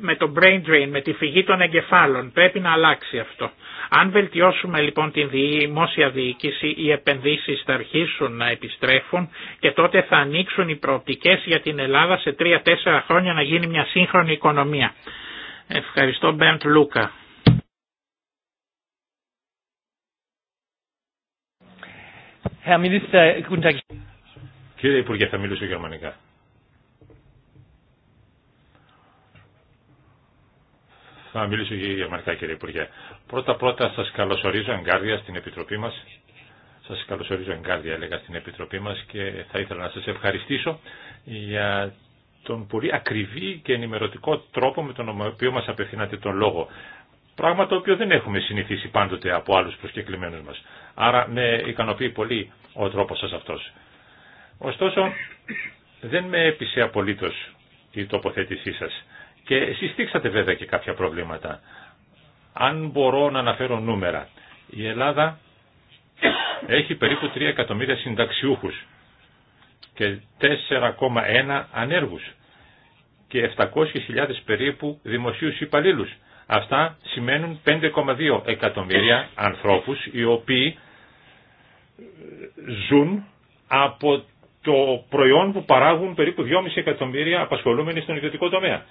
με το brain drain, με τη φυγή των εγκεφάλων. Πρέπει να αλλάξει αυτό. Αν βελτιώσουμε λοιπόν την δημόσια διοίκηση, οι επενδύσεις θα αρχίσουν να επιστρέφουν και τότε θα ανοίξουν οι προοπτικές για την Ελλάδα σε τρία-τέσσερα χρόνια να γίνει μια σύγχρονη οικονομία. Ευχαριστώ Μπέντ Λούκα. Κύριε Υπουργέ, θα μιλήσω γερμανικά. Θα μιλήσω για γερμανικά κύριε Υπουργέ. Πρώτα-πρώτα σας καλωσορίζω εγκάρδια στην Επιτροπή μας. Σας καλωσορίζω εγκάρδια έλεγα στην Επιτροπή μας και θα ήθελα να σας ευχαριστήσω για τον πολύ ακριβή και ενημερωτικό τρόπο με τον οποίο μας απευθυνάτε τον λόγο. Πράγμα το οποίο δεν έχουμε συνηθίσει πάντοτε από άλλους προσκεκλημένους μας. Άρα με ικανοποιεί πολύ ο τρόπος σας αυτός. Ωστόσο, δεν με έπεισε απολύτως η τοποθέτησή σας. Και συστήξατε βέβαια και κάποια προβλήματα. Αν μπορώ να αναφέρω νούμερα, η Ελλάδα έχει περίπου 3 εκατομμύρια συνταξιούχους και 4,1 ανέργους και 700.000 περίπου δημοσίους υπαλλήλους. Αυτά σημαίνουν 5,2 εκατομμύρια ανθρώπους οι οποίοι ζουν από το προϊόν που παράγουν περίπου 2,5 εκατομμύρια απασχολούμενοι στον ιδιωτικό τομέα.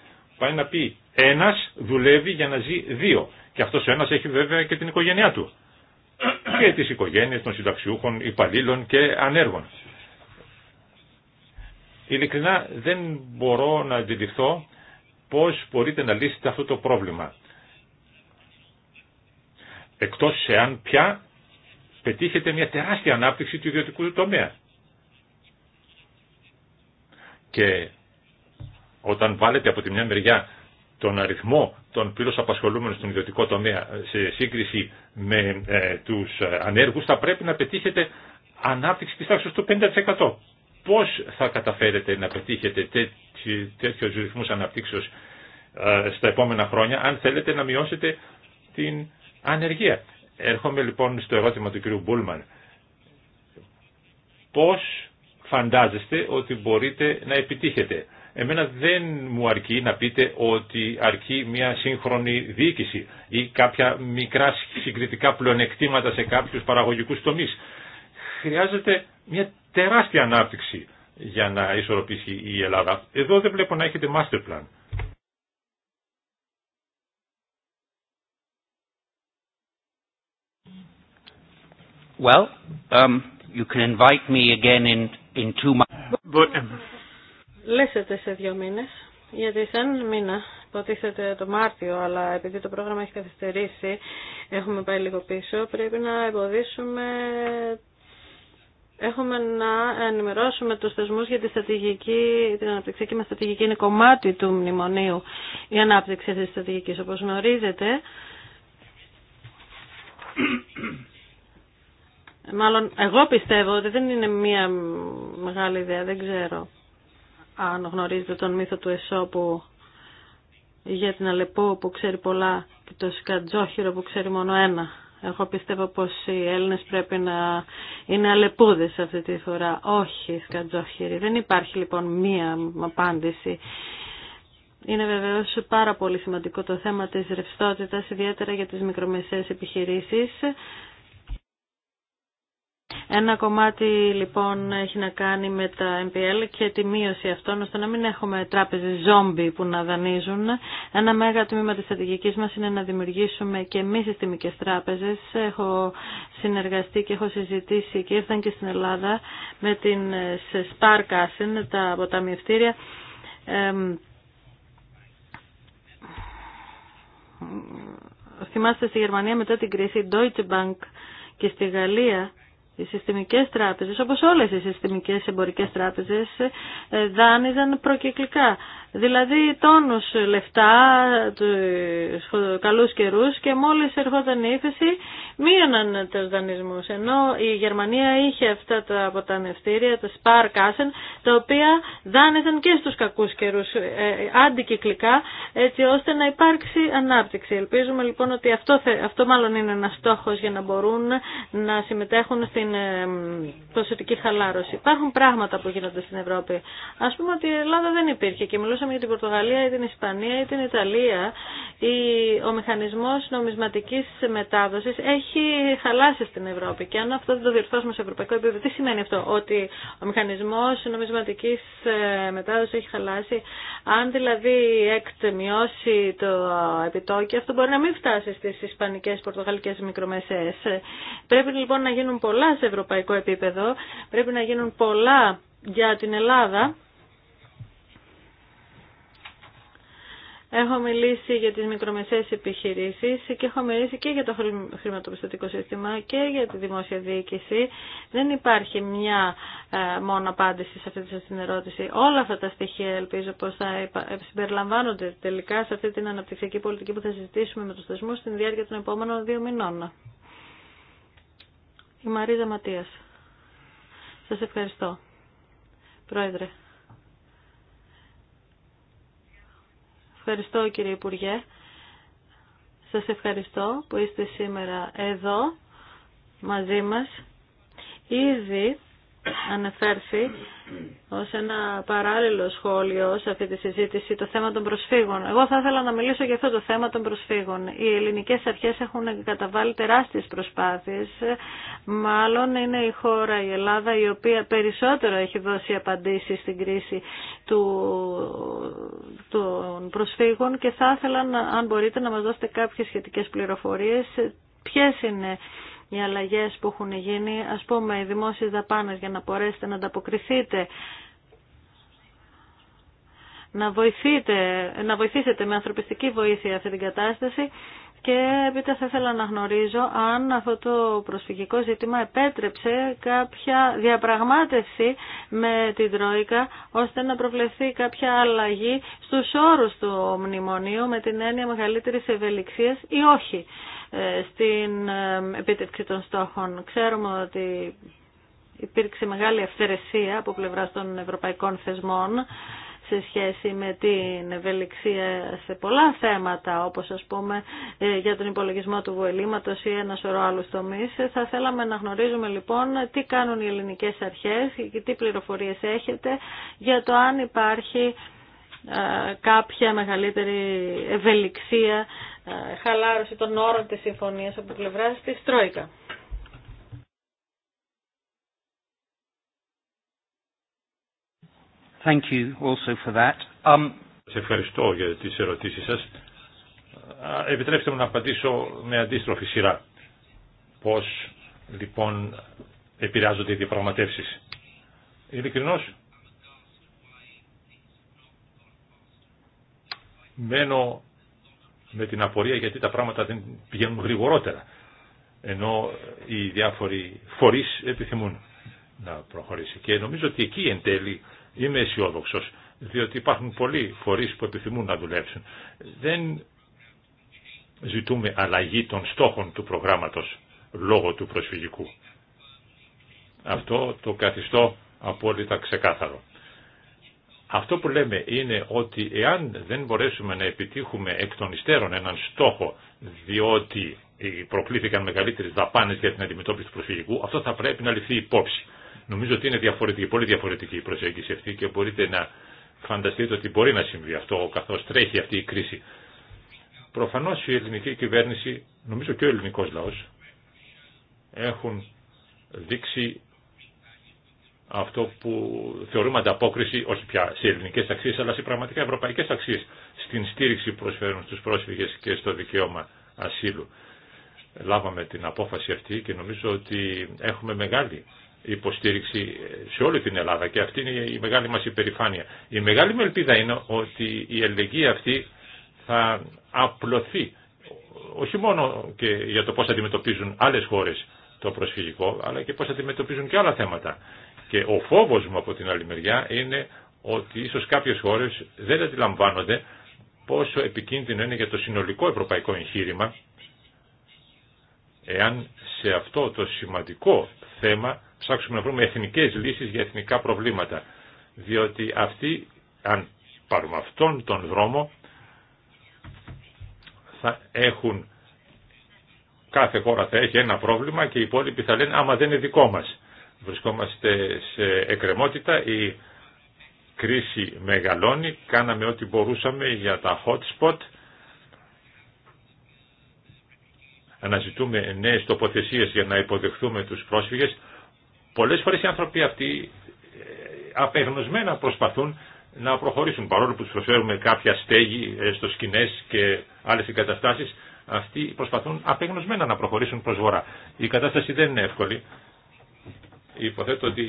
Πάει να πει ένας δουλεύει για να ζει δύο. Και αυτός ο ένας έχει βέβαια και την οικογένειά του. *clears throat* Και τις οικογένειες των συνταξιούχων, υπαλλήλων και ανέργων. Ειλικρινά δεν μπορώ να αντιληφθώ πώς μπορείτε να λύσετε αυτό το πρόβλημα. Εκτός εάν πια πετύχετε μια τεράστια ανάπτυξη του ιδιωτικού τομέα. Και όταν βάλετε από τη μια μεριά τον αριθμό των πλήρως απασχολούμενων στον ιδιωτικό τομέα σε σύγκριση με ε, τους ε, ανέργους θα πρέπει να πετύχετε ανάπτυξη της τάξης του 50%. Πώς θα καταφέρετε να πετύχετε τέτοιου ρυθμούς αναπτύξεως ε, στα επόμενα χρόνια αν θέλετε να μειώσετε την ανεργία. Έρχομαι λοιπόν στο ερώτημα του κ. Μπούλμαν. Πώς φαντάζεστε ότι μπορείτε να επιτύχετε Εμένα δεν μου αρκεί να πείτε ότι αρκεί μια σύγχρονη διοίκηση ή κάποια μικρά συγκριτικά πλεονεκτήματα σε κάποιους παραγωγικούς τομείς. Χρειάζεται μια τεράστια ανάπτυξη για να ισορροπήσει η Ελλάδα. Εδώ δεν βλέπω να έχετε master plan. Well, um, you can invite me again in, in two months. Λέσετε σε δύο μήνες, γιατί σε έναν μήνα υποτίθεται το Μάρτιο, αλλά επειδή το πρόγραμμα έχει καθυστερήσει, έχουμε πάει λίγο πίσω, πρέπει να εμποδίσουμε Έχουμε να ενημερώσουμε τους θεσμούς για τη στρατηγική, την αναπτυξιακή μας στρατηγική είναι κομμάτι του μνημονίου η ανάπτυξη αυτής της στρατηγικής. Όπως γνωρίζετε, μάλλον εγώ πιστεύω ότι δεν είναι μια μεγάλη ιδέα, δεν ξέρω αν γνωρίζετε τον μύθο του Εσώπου για την Αλεπού που ξέρει πολλά και το Σκατζόχυρο που ξέρει μόνο ένα. Εγώ πιστεύω πως οι Έλληνες πρέπει να είναι αλεπούδες αυτή τη φορά, όχι σκατζόχυροι. Δεν υπάρχει λοιπόν μία απάντηση. Είναι βεβαίω πάρα πολύ σημαντικό το θέμα της ρευστότητας, ιδιαίτερα για τις μικρομεσαίες επιχειρήσεις. Ένα κομμάτι λοιπόν έχει να κάνει με τα MPL και τη μείωση αυτών, ώστε να μην έχουμε τράπεζες ζόμπι που να δανείζουν. Ένα μέγα τμήμα της στρατηγικής μας είναι να δημιουργήσουμε και μη συστημικές τράπεζες. Έχω συνεργαστεί και έχω συζητήσει και ήρθαν και στην Ελλάδα με την Sparkassen, τα αποταμιευτήρια, θυμάστε στη Γερμανία μετά την κρίση Deutsche Bank και στη Γαλλία οι συστημικές τράπεζες, όπως όλες οι συστημικές εμπορικές τράπεζες, ε, δάνειζαν προκυκλικά. Δηλαδή τόνους λεφτά, καλούς καιρούς και μόλις ερχόταν η ύφεση μείωναν τους δανεισμούς. Ενώ η Γερμανία είχε αυτά τα αποταμευτήρια, τα Sparkassen, τα οποία δάνειζαν και στους κακούς καιρούς ε, αντικυκλικά έτσι ώστε να υπάρξει ανάπτυξη. Ελπίζουμε λοιπόν ότι αυτό, αυτό μάλλον είναι ένας στόχος για να μπορούν να συμμετέχουν στην ε, ποσοτική χαλάρωση. Υπάρχουν πράγματα που γίνονται στην Ευρώπη. Ας πούμε ότι η Ελλάδα δεν υπήρχε και μιλούσα μιλούσαμε για την Πορτογαλία ή την Ισπανία ή την Ιταλία, ο μηχανισμός νομισματικής μετάδοση έχει χαλάσει στην Ευρώπη. Και αν αυτό δεν το διορθώσουμε σε ευρωπαϊκό επίπεδο, τι σημαίνει αυτό, ότι ο μηχανισμός νομισματικής ε, μετάδοση έχει χαλάσει. Αν δηλαδή η ΕΚΤ μειώσει το επιτόκιο, αυτό μπορεί να μην φτάσει στις ισπανικές, πορτογαλικές μικρομεσαίες. Πρέπει λοιπόν να γίνουν πολλά σε ευρωπαϊκό επίπεδο, πρέπει να γίνουν πολλά για την Ελλάδα Έχω μιλήσει για τις μικρομεσαίες επιχειρήσεις και έχω μιλήσει και για το χρηματοπιστωτικό σύστημα και για τη δημόσια διοίκηση. Δεν υπάρχει μια ε, μόνο απάντηση σε αυτή την ερώτηση. Όλα αυτά τα στοιχεία ελπίζω πως θα ε, συμπεριλαμβάνονται τελικά σε αυτή την αναπτυξιακή πολιτική που θα συζητήσουμε με τους θεσμούς στην διάρκεια των επόμενων δύο μηνών. Η Μαρίζα Ματίας. Σας ευχαριστώ. Πρόεδρε. Ευχαριστώ κύριε Υπουργέ. Σας ευχαριστώ που είστε σήμερα εδώ μαζί μας. Ήδη ανεφέρθη ως ένα παράλληλο σχόλιο σε αυτή τη συζήτηση το θέμα των προσφύγων. Εγώ θα ήθελα να μιλήσω για αυτό το θέμα των προσφύγων. Οι ελληνικές αρχές έχουν καταβάλει τεράστιες προσπάθειες. Μάλλον είναι η χώρα, η Ελλάδα, η οποία περισσότερο έχει δώσει απαντήσεις στην κρίση του, των προσφύγων και θα ήθελα, αν μπορείτε, να μας δώσετε κάποιες σχετικές πληροφορίες. Ποιες είναι οι αλλαγές που έχουν γίνει, ας πούμε οι δημόσιες δαπάνες για να μπορέσετε να ανταποκριθείτε, να, βοηθείτε, να βοηθήσετε με ανθρωπιστική βοήθεια αυτή την κατάσταση και έπειτα θα ήθελα να γνωρίζω αν αυτό το προσφυγικό ζήτημα επέτρεψε κάποια διαπραγμάτευση με την Τρόικα ώστε να προβλεφθεί κάποια αλλαγή στους όρους του μνημονίου με την έννοια μεγαλύτερης ευελιξίας ή όχι ε, στην ε, επίτευξη των στόχων. Ξέρουμε ότι υπήρξε μεγάλη αυθαιρεσία από πλευράς των ευρωπαϊκών θεσμών σε σχέση με την ευελιξία σε πολλά θέματα, όπως ας πούμε ε, για τον υπολογισμό του βοηλήματος ή ένα σωρό άλλους τομείς. Θα θέλαμε να γνωρίζουμε λοιπόν τι κάνουν οι ελληνικές αρχές και τι πληροφορίες έχετε για το αν υπάρχει ε, κάποια μεγαλύτερη ευελιξία, ε, χαλάρωση των όρων της συμφωνίας από πλευράς της Τρόικα. Um, Σε ευχαριστώ για τις ερωτήσεις σας. Επιτρέψτε μου να απαντήσω με αντίστροφη σειρά. Πώς λοιπόν επηρεάζονται οι διαπραγματεύσεις. Ειλικρινώς, μένω με την απορία γιατί τα πράγματα δεν πηγαίνουν γρηγορότερα ενώ οι διάφοροι φορείς επιθυμούν να προχωρήσει. Και νομίζω ότι εκεί εν τέλει Είμαι αισιόδοξο, διότι υπάρχουν πολλοί φορεί που επιθυμούν να δουλέψουν. Δεν ζητούμε αλλαγή των στόχων του προγράμματος λόγω του προσφυγικού. Αυτό το καθιστώ απόλυτα ξεκάθαρο. Αυτό που λέμε είναι ότι εάν δεν μπορέσουμε να επιτύχουμε εκ των υστέρων έναν στόχο διότι προκλήθηκαν μεγαλύτερες δαπάνες για την αντιμετώπιση του προσφυγικού, αυτό θα πρέπει να ληφθεί υπόψη. Νομίζω ότι είναι διαφορετική, πολύ διαφορετική η προσέγγιση αυτή και μπορείτε να φανταστείτε ότι μπορεί να συμβεί αυτό καθώς τρέχει αυτή η κρίση. Προφανώς η ελληνική κυβέρνηση, νομίζω και ο ελληνικός λαός, έχουν δείξει αυτό που θεωρούμε ανταπόκριση όχι πια σε ελληνικές αξίες αλλά σε πραγματικά ευρωπαϊκές αξίες στην στήριξη που προσφέρουν στους πρόσφυγες και στο δικαίωμα ασύλου. Λάβαμε την απόφαση αυτή και νομίζω ότι έχουμε μεγάλη υποστήριξη σε όλη την Ελλάδα και αυτή είναι η μεγάλη μας υπερηφάνεια. Η μεγάλη μου ελπίδα είναι ότι η ελεγγύη αυτή θα απλωθεί όχι μόνο και για το πώς αντιμετωπίζουν άλλες χώρες το προσφυγικό, αλλά και πώς αντιμετωπίζουν και άλλα θέματα. Και ο φόβος μου από την άλλη μεριά είναι ότι ίσως κάποιες χώρες δεν αντιλαμβάνονται πόσο επικίνδυνο είναι για το συνολικό ευρωπαϊκό εγχείρημα εάν σε αυτό το σημαντικό θέμα ψάξουμε να βρούμε εθνικές λύσεις για εθνικά προβλήματα. Διότι αυτοί, αν πάρουμε αυτόν τον δρόμο, θα έχουν, κάθε χώρα θα έχει ένα πρόβλημα και οι υπόλοιποι θα λένε άμα δεν είναι δικό μας. Βρισκόμαστε σε εκκρεμότητα, η κρίση μεγαλώνει, κάναμε ό,τι μπορούσαμε για τα hot spot, αναζητούμε νέες τοποθεσίες για να υποδεχθούμε τους πρόσφυγες, Πολλές φορές οι άνθρωποι αυτοί ε, απεγνωσμένα προσπαθούν να προχωρήσουν. Παρόλο που τους προσφέρουμε κάποια στέγη ε, στο σκηνές και άλλες εγκαταστάσεις, αυτοί προσπαθούν απεγνωσμένα να προχωρήσουν προς βορρά. Η κατάσταση δεν είναι εύκολη. Υποθέτω ότι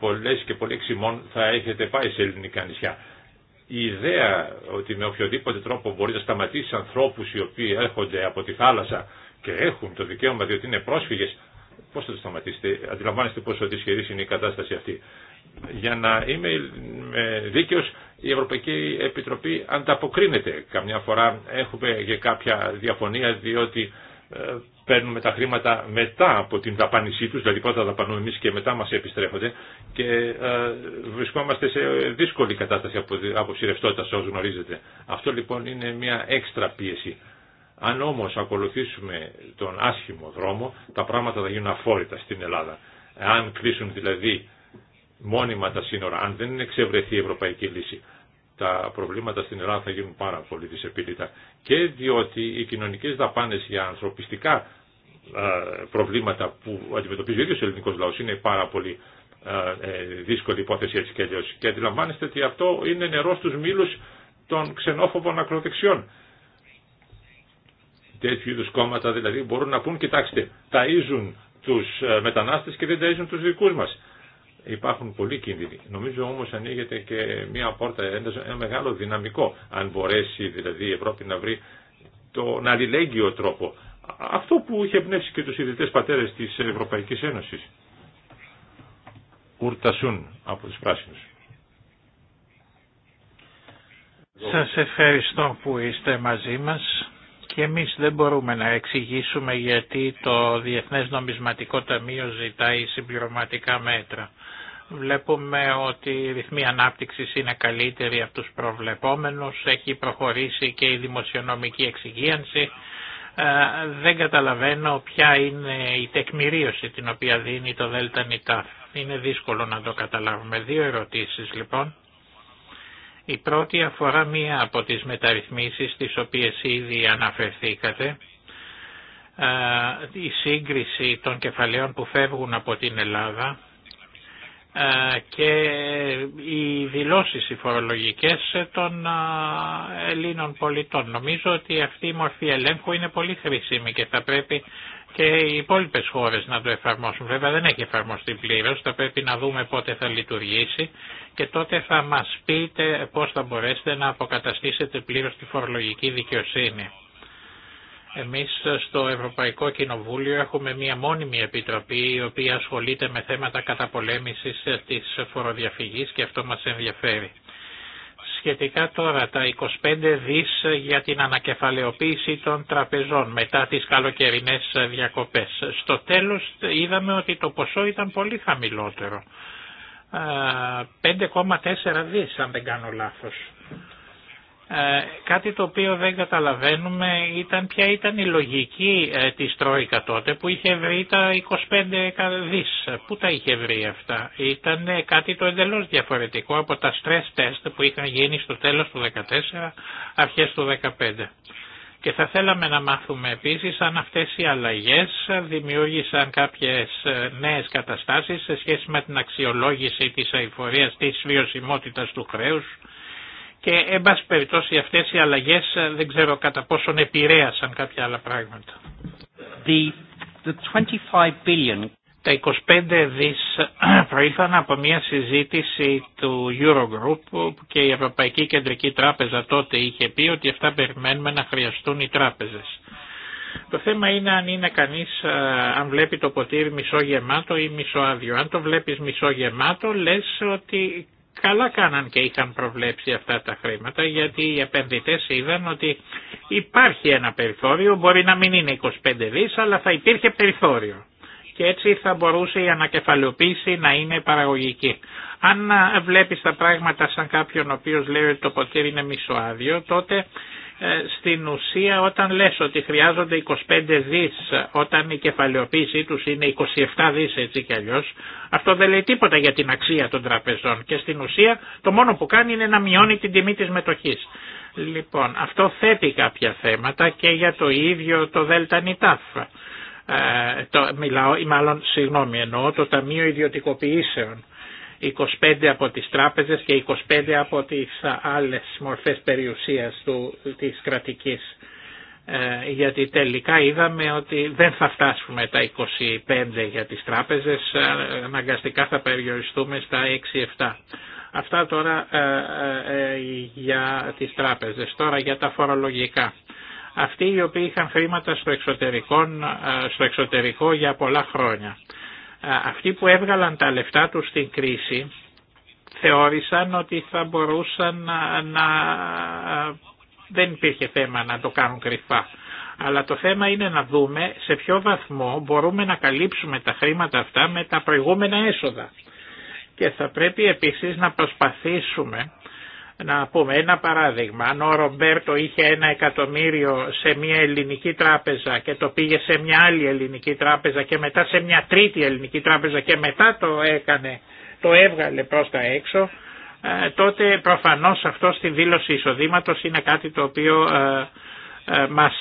πολλές και πολλοί εξημών θα έχετε πάει σε ελληνικά νησιά. Η ιδέα ότι με οποιοδήποτε τρόπο μπορεί να σταματήσει ανθρώπους οι οποίοι έρχονται από τη θάλασσα και έχουν το δικαίωμα διότι είναι πρόσφυγες Πώς θα το σταματήσετε. Αντιλαμβάνεστε πόσο δυσχερή είναι η κατάσταση αυτή. Για να είμαι ε, δίκαιος, η Ευρωπαϊκή Επιτροπή ανταποκρίνεται. Καμιά φορά έχουμε και κάποια διαφωνία διότι ε, παίρνουμε τα χρήματα μετά από την δαπάνησή τους, δηλαδή πρώτα δαπανούμε εμείς και μετά μας επιστρέφονται και ε, βρισκόμαστε σε δύσκολη κατάσταση από, από όπω γνωρίζετε. Αυτό λοιπόν είναι μια έξτρα πίεση. Αν όμως ακολουθήσουμε τον άσχημο δρόμο, τα πράγματα θα γίνουν αφόρητα στην Ελλάδα. Αν κλείσουν δηλαδή μόνιμα τα σύνορα, αν δεν εξευρεθεί η ευρωπαϊκή λύση, τα προβλήματα στην Ελλάδα θα γίνουν πάρα πολύ δυσεπίλητα. Και διότι οι κοινωνικές δαπάνες για ανθρωπιστικά ε, προβλήματα που αντιμετωπίζει ο ίδιος ο ελληνικός λαός είναι πάρα πολύ ε, ε, δύσκολη υπόθεση έτσι και αλλιώς. Και αντιλαμβάνεστε ότι αυτό είναι νερό στους μήλους των ξενόφοβων ακροδεξιών. Τέτοιου είδου κόμματα δηλαδή μπορούν να πούν, κοιτάξτε, ταΐζουν τους ε, μετανάστες και δεν ταΐζουν τους δικούς μας. Υπάρχουν πολλοί κίνδυνοι. Νομίζω όμως ανοίγεται και μια πόρτα, ένα μεγάλο δυναμικό, αν μπορέσει δηλαδή η Ευρώπη να βρει τον αλληλέγγυο τρόπο. Αυτό που είχε εμπνεύσει και τους ιδιωτές πατέρες της Ευρωπαϊκής Ένωσης. Ουρτασούν από τους πράσινους. Σας ευχαριστώ που είστε μαζί μας και εμείς δεν μπορούμε να εξηγήσουμε γιατί το Διεθνές Νομισματικό Ταμείο ζητάει συμπληρωματικά μέτρα. Βλέπουμε ότι η ρυθμή ανάπτυξης είναι καλύτερη από τους προβλεπόμενους, έχει προχωρήσει και η δημοσιονομική εξυγίανση. Ε, δεν καταλαβαίνω ποια είναι η τεκμηρίωση την οποία δίνει το ΔΝΤ. Είναι δύσκολο να το καταλάβουμε. Δύο ερωτήσεις λοιπόν. Η πρώτη αφορά μία από τις μεταρρυθμίσεις τις οποίες ήδη αναφερθήκατε, η σύγκριση των κεφαλαίων που φεύγουν από την Ελλάδα και οι δηλώσεις οι φορολογικές των Ελλήνων πολιτών. Νομίζω ότι αυτή η μορφή ελέγχου είναι πολύ χρήσιμη και θα πρέπει και οι υπόλοιπε χώρες να το εφαρμόσουν. Βέβαια δεν έχει εφαρμοστεί πλήρως, θα πρέπει να δούμε πότε θα λειτουργήσει και τότε θα μας πείτε πώ θα μπορέσετε να αποκαταστήσετε πλήρως τη φορολογική δικαιοσύνη. Εμείς στο Ευρωπαϊκό Κοινοβούλιο έχουμε μία μόνιμη επιτροπή η οποία ασχολείται με θέματα καταπολέμησης της φοροδιαφυγής και αυτό μας ενδιαφέρει σχετικά τώρα τα 25 δις για την ανακεφαλαιοποίηση των τραπεζών μετά τις καλοκαιρινές διακοπές. Στο τέλος είδαμε ότι το ποσό ήταν πολύ χαμηλότερο. 5,4 δις αν δεν κάνω λάθος. Ε, κάτι το οποίο δεν καταλαβαίνουμε ήταν ποια ήταν η λογική ε, της Τρόικα τότε που είχε βρει τα 25 δις. Πού τα είχε βρει αυτά. Ήταν ε, κάτι το εντελώς διαφορετικό από τα stress test που είχαν γίνει στο τέλος του 2014, αρχές του 2015. Και θα θέλαμε να μάθουμε επίσης αν αυτές οι αλλαγές δημιούργησαν κάποιες νέες καταστάσεις σε σχέση με την αξιολόγηση της αηφορίας της βιωσιμότητας του χρέους και εν πάση περιπτώσει αυτές οι αλλαγές ε, δεν ξέρω κατά πόσον επηρέασαν κάποια άλλα πράγματα. The, 25 billion. Τα 25 δις ε, προήλθαν από μια συζήτηση του Eurogroup και η Ευρωπαϊκή Κεντρική Τράπεζα τότε είχε πει ότι αυτά περιμένουμε να χρειαστούν οι τράπεζες. Το θέμα είναι αν είναι κανείς, ε, αν βλέπει το ποτήρι μισό γεμάτο ή μισό άδειο. Αν το βλέπεις μισό γεμάτο λες ότι Καλά κάναν και είχαν προβλέψει αυτά τα χρήματα γιατί οι επενδυτές είδαν ότι υπάρχει ένα περιθώριο, μπορεί να μην είναι 25 δις αλλά θα υπήρχε περιθώριο και έτσι θα μπορούσε η ανακεφαλαιοποίηση να είναι παραγωγική. Αν ε, βλέπεις τα πράγματα σαν κάποιον ο οποίος λέει ότι το ποτήρι είναι μισοάδιο τότε ε, στην ουσία όταν λες ότι χρειάζονται 25 δις όταν η κεφαλαιοποίησή τους είναι 27 δις έτσι κι αλλιώς αυτό δεν λέει τίποτα για την αξία των τραπεζών και στην ουσία το μόνο που κάνει είναι να μειώνει την τιμή της μετοχής. Λοιπόν, αυτό θέτει κάποια θέματα και για το ίδιο το ΔΕΛΤΑ ε, το, μιλάω, μάλλον συγγνώμη εννοώ, το Ταμείο Ιδιωτικοποιήσεων 25 από τις τράπεζες και 25 από τις άλλες μορφές περιουσίας του, της κρατικής. Ε, γιατί τελικά είδαμε ότι δεν θα φτάσουμε τα 25 για τις τράπεζες, ε, αναγκαστικά θα περιοριστούμε στα 6-7. Αυτά τώρα ε, ε, για τις τράπεζες. Τώρα για τα φορολογικά. Αυτοί οι οποίοι είχαν χρήματα στο στο εξωτερικό για πολλά χρόνια αυτοί που έβγαλαν τα λεφτά τους στην κρίση θεώρησαν ότι θα μπορούσαν να, δεν υπήρχε θέμα να το κάνουν κρυφά. Αλλά το θέμα είναι να δούμε σε ποιο βαθμό μπορούμε να καλύψουμε τα χρήματα αυτά με τα προηγούμενα έσοδα. Και θα πρέπει επίσης να προσπαθήσουμε να πούμε ένα παράδειγμα, αν ο Ρομπέρτο είχε ένα εκατομμύριο σε μια ελληνική τράπεζα και το πήγε σε μια άλλη ελληνική τράπεζα και μετά σε μια τρίτη ελληνική τράπεζα και μετά το έκανε, το έβγαλε προς τα έξω, ε, τότε προφανώς αυτό στη δήλωση εισοδήματος είναι κάτι το οποίο ε, ε, μας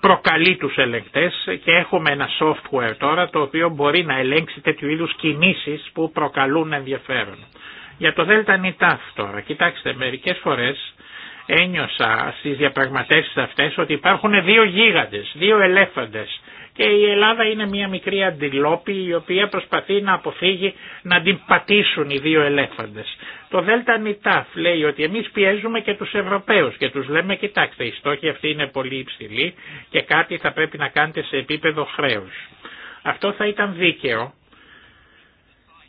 προκαλεί τους ελεγκτές και έχουμε ένα software τώρα το οποίο μπορεί να ελέγξει τέτοιου είδους κινήσεις που προκαλούν ενδιαφέρον. Για το Δέλτα Νιτάφ τώρα, κοιτάξτε, μερικές φορές ένιωσα στις διαπραγματεύσεις αυτές ότι υπάρχουν δύο γίγαντες, δύο ελέφαντες και η Ελλάδα είναι μια μικρή αντιλόπη η οποία προσπαθεί να αποφύγει να την πατήσουν οι δύο ελέφαντες. Το Δέλτα Νιτάφ λέει ότι εμείς πιέζουμε και τους Ευρωπαίους και τους λέμε κοιτάξτε οι στόχοι αυτοί είναι πολύ υψηλοί και κάτι θα πρέπει να κάνετε σε επίπεδο χρέους. Αυτό θα ήταν δίκαιο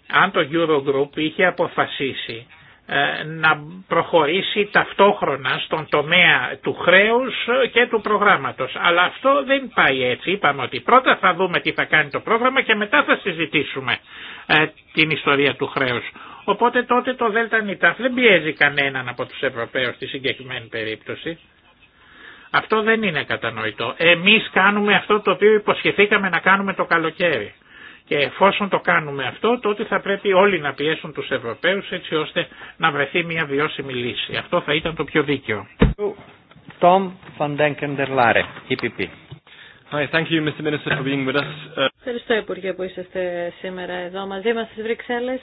αν το Eurogroup είχε αποφασίσει ε, να προχωρήσει ταυτόχρονα στον τομέα του χρέους και του προγράμματος. Αλλά αυτό δεν πάει έτσι. Είπαμε ότι πρώτα θα δούμε τι θα κάνει το πρόγραμμα και μετά θα συζητήσουμε ε, την ιστορία του χρέους. Οπότε τότε το ΔΝΤ δεν πιέζει κανέναν από τους Ευρωπαίους στη συγκεκριμένη περίπτωση. Αυτό δεν είναι κατανοητό. Εμείς κάνουμε αυτό το οποίο υποσχεθήκαμε να κάνουμε το καλοκαίρι. Και εφόσον το κάνουμε αυτό, τότε θα πρέπει όλοι να πιέσουν τους Ευρωπαίους έτσι ώστε να βρεθεί μια βιώσιμη λύση. Αυτό θα ήταν το πιο δίκαιο. Tom van EPP. E Hi, thank you, Mr. Minister, for being with us. Ευχαριστώ, Υπουργέ, που είσαστε σήμερα εδώ μαζί μας στις Βρυξέλλες.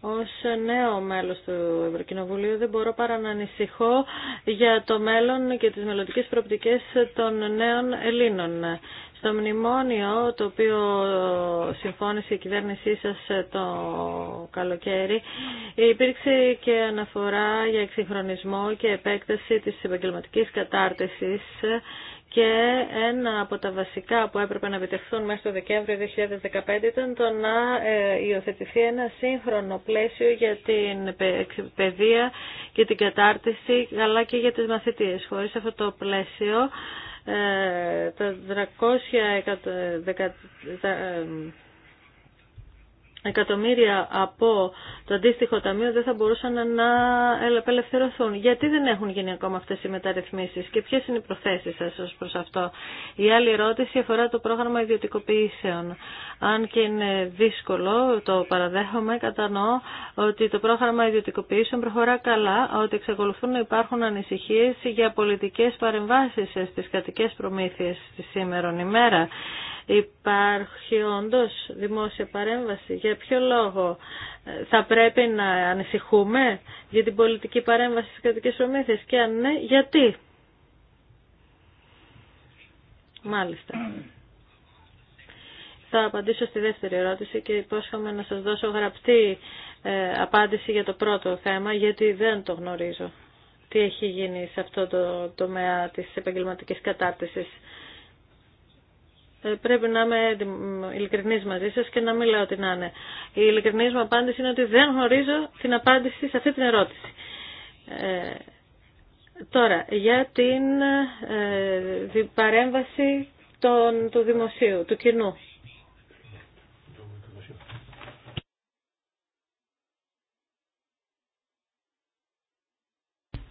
Ως νέο μέλος του Ευρωκοινοβουλίου δεν μπορώ παρά να ανησυχώ για το μέλλον και τις μελλοντικές προοπτικές των νέων Ελλήνων. Στο μνημόνιο το οποίο συμφώνησε η κυβέρνησή σας ε, το καλοκαίρι υπήρξε και αναφορά για εξυγχρονισμό και επέκταση της επαγγελματική κατάρτισης και ένα από τα βασικά που έπρεπε να επιτευχθούν μέχρι το Δεκέμβριο 2015 ήταν το να ε, υιοθετηθεί ένα σύγχρονο πλαίσιο για την παιδεία και την κατάρτιση αλλά και για τις μαθητείες. Χωρίς αυτό το πλαίσιο ε, τα 314 εκατομμύρια από το αντίστοιχο ταμείο δεν θα μπορούσαν να απελευθερωθούν. Γιατί δεν έχουν γίνει ακόμα αυτέ οι μεταρρυθμίσει και ποιε είναι οι προθέσει σα ω προ αυτό. Η άλλη ερώτηση αφορά το πρόγραμμα ιδιωτικοποιήσεων. Αν και είναι δύσκολο, το παραδέχομαι, κατανοώ ότι το πρόγραμμα ιδιωτικοποιήσεων προχωρά καλά, ότι εξακολουθούν να υπάρχουν ανησυχίε για πολιτικέ παρεμβάσει στι κατοικές προμήθειε τη σήμερα ημέρα. Υπάρχει όντως δημόσια παρέμβαση. Για ποιο λόγο ε, θα πρέπει να ανησυχούμε για την πολιτική παρέμβαση στις κρατικές προμήθειες και αν ναι, γιατί. Μάλιστα. Θα απαντήσω στη δεύτερη ερώτηση και υπόσχομαι να σας δώσω γραπτή ε, απάντηση για το πρώτο θέμα, γιατί δεν το γνωρίζω τι έχει γίνει σε αυτό το τομέα της επαγγελματικής κατάρτισης. Ε, πρέπει να είμαι ειλικρινή μαζί σα και να μην λέω ότι να είναι. Η ειλικρινή μου απάντηση είναι ότι δεν γνωρίζω την απάντηση σε αυτή την ερώτηση. Ε, τώρα, για την ε, παρέμβαση των, του δημοσίου, του κοινού.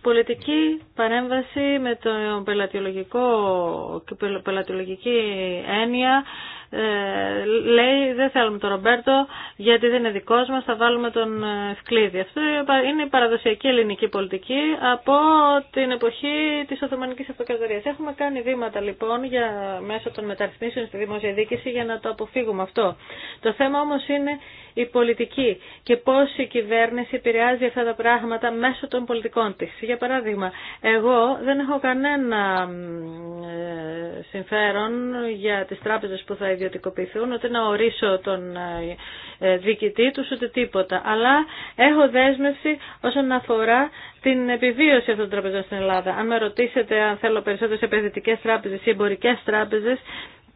πολιτική παρέμβαση με το πελατιολογικό και πελατιολογική έννοια ε, λέει δεν θέλουμε τον Ρομπέρτο γιατί δεν είναι δικός μας, θα βάλουμε τον ε, Ευκλήδη. Αυτό είναι η παραδοσιακή ελληνική πολιτική από την εποχή της Οθωμανικής Αυτοκρατορίας. Έχουμε κάνει βήματα λοιπόν για, μέσω των μεταρρυθμίσεων στη δημόσια δίκηση για να το αποφύγουμε αυτό. Το θέμα όμως είναι η πολιτική και πώς η κυβέρνηση επηρεάζει αυτά τα πράγματα μέσω των πολιτικών της. Για παράδειγμα, εγώ δεν έχω κανένα ε, συμφέρον για τις τράπεζες που θα ιδιωτικοποιηθούν, ούτε να ορίσω τον ε, ε, διοικητή του ούτε τίποτα. Αλλά έχω δέσμευση όσον αφορά την επιβίωση αυτών των τραπεζών στην Ελλάδα. Αν με ρωτήσετε αν θέλω περισσότερε επενδυτικές τράπεζε ή εμπορικέ τράπεζε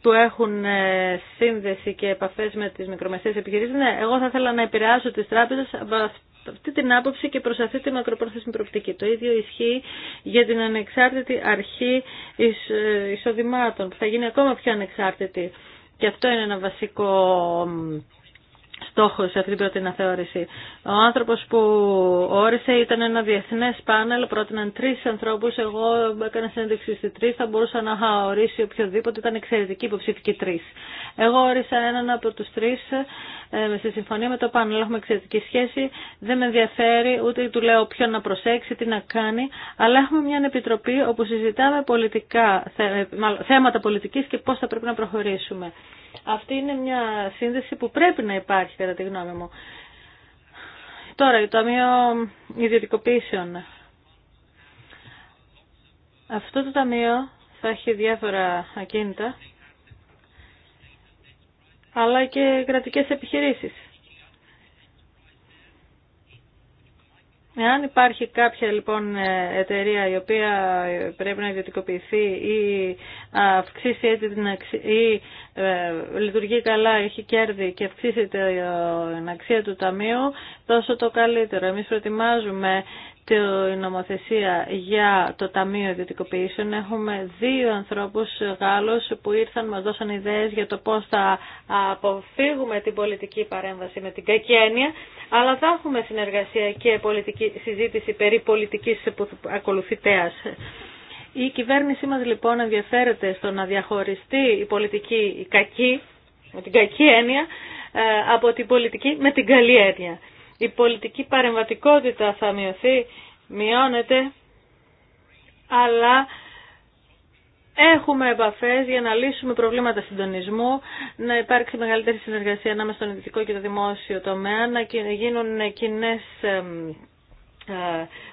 που έχουν ε, σύνδεση και επαφέ με τι μικρομεσαίε επιχειρήσει. ναι, εγώ θα ήθελα να επηρεάσω τράπεζε από αυτή την άποψη και προς αυτή τη μακροπρόθεσμη προοπτική. Το ίδιο ισχύει για την ανεξάρτητη αρχή εισοδημάτων, που θα γίνει ακόμα πιο ανεξάρτητη. Και αυτό είναι ένα βασικό στόχο σε αυτή την πρώτη αναθεώρηση. Ο άνθρωπο που όρισε ήταν ένα διεθνέ πάνελ, πρότειναν τρει ανθρώπου, εγώ έκανα συνέντευξη στη Τρει, θα μπορούσα να είχα ορίσει οποιοδήποτε, ήταν εξαιρετική υποψήφικη τρει. Εγώ όρισα έναν από του τρει ε, σε συμφωνία με το πάνελ έχουμε εξαιρετική σχέση, δεν με ενδιαφέρει, ούτε του λέω ποιον να προσέξει, τι να κάνει, αλλά έχουμε μια επιτροπή όπου συζητάμε πολιτικά, ε, θέματα πολιτική και πώ θα πρέπει να προχωρήσουμε. Αυτή είναι μια σύνδεση που πρέπει να υπάρχει κατά τη γνώμη μου. Τώρα, το Ταμείο Ιδιωτικοποίησεων. Αυτό το Ταμείο θα έχει διάφορα ακίνητα, αλλά και κρατικές επιχειρήσεις. Εάν υπάρχει κάποια λοιπόν εταιρεία η οποία πρέπει να ιδιωτικοποιηθεί ή αυξήσει έτσι την αξία ή ε, λειτουργεί καλά, έχει κέρδη και αυξήσει την αξία του ταμείου, τόσο το καλύτερο. Εμείς προετοιμάζουμε την νομοθεσία για το Ταμείο Ιδιωτικοποιήσεων έχουμε δύο ανθρώπους Γάλλους που ήρθαν, μας δώσαν ιδέες για το πώς θα αποφύγουμε την πολιτική παρέμβαση με την κακή έννοια, αλλά θα έχουμε συνεργασία και πολιτική, συζήτηση περί πολιτικής που ακολουθεί τέας. Η κυβέρνησή μας λοιπόν ενδιαφέρεται στο να διαχωριστεί η πολιτική κακή, με την κακή έννοια, ε, από την πολιτική με την καλή έννοια η πολιτική παρεμβατικότητα θα μειωθεί, μειώνεται, αλλά έχουμε επαφές για να λύσουμε προβλήματα συντονισμού, να υπάρξει μεγαλύτερη συνεργασία ανάμεσα στον ιδιωτικό και το δημόσιο τομέα, να γίνουν κοινέ ε,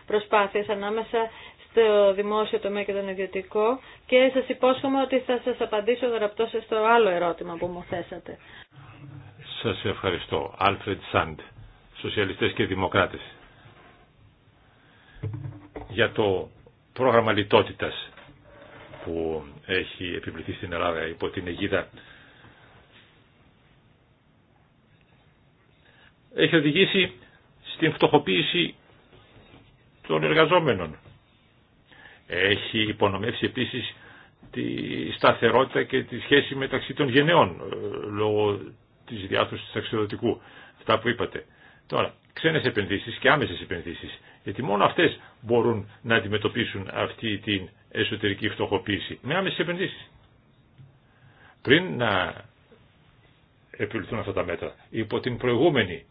προσπάθειες ανάμεσα στο δημόσιο τομέα και τον ιδιωτικό και σας υπόσχομαι ότι θα σας απαντήσω γραπτό στο άλλο ερώτημα που μου θέσατε. Σας ευχαριστώ. Alfred Sand σοσιαλιστές και δημοκράτες για το πρόγραμμα λιτότητας που έχει επιβληθεί στην Ελλάδα υπό την αιγίδα έχει οδηγήσει στην φτωχοποίηση των εργαζόμενων. Έχει υπονομεύσει επίσης τη σταθερότητα και τη σχέση μεταξύ των γενναιών ε, λόγω της διάθεσης του αξιοδοτικού. Αυτά που είπατε. Τώρα, ξένες επενδύσεις και άμεσες επενδύσεις, γιατί μόνο αυτές μπορούν να αντιμετωπίσουν αυτή την εσωτερική φτωχοποίηση με άμεσες επενδύσεις. Πριν να επιλυθούν αυτά τα μέτρα, υπό την προηγούμενη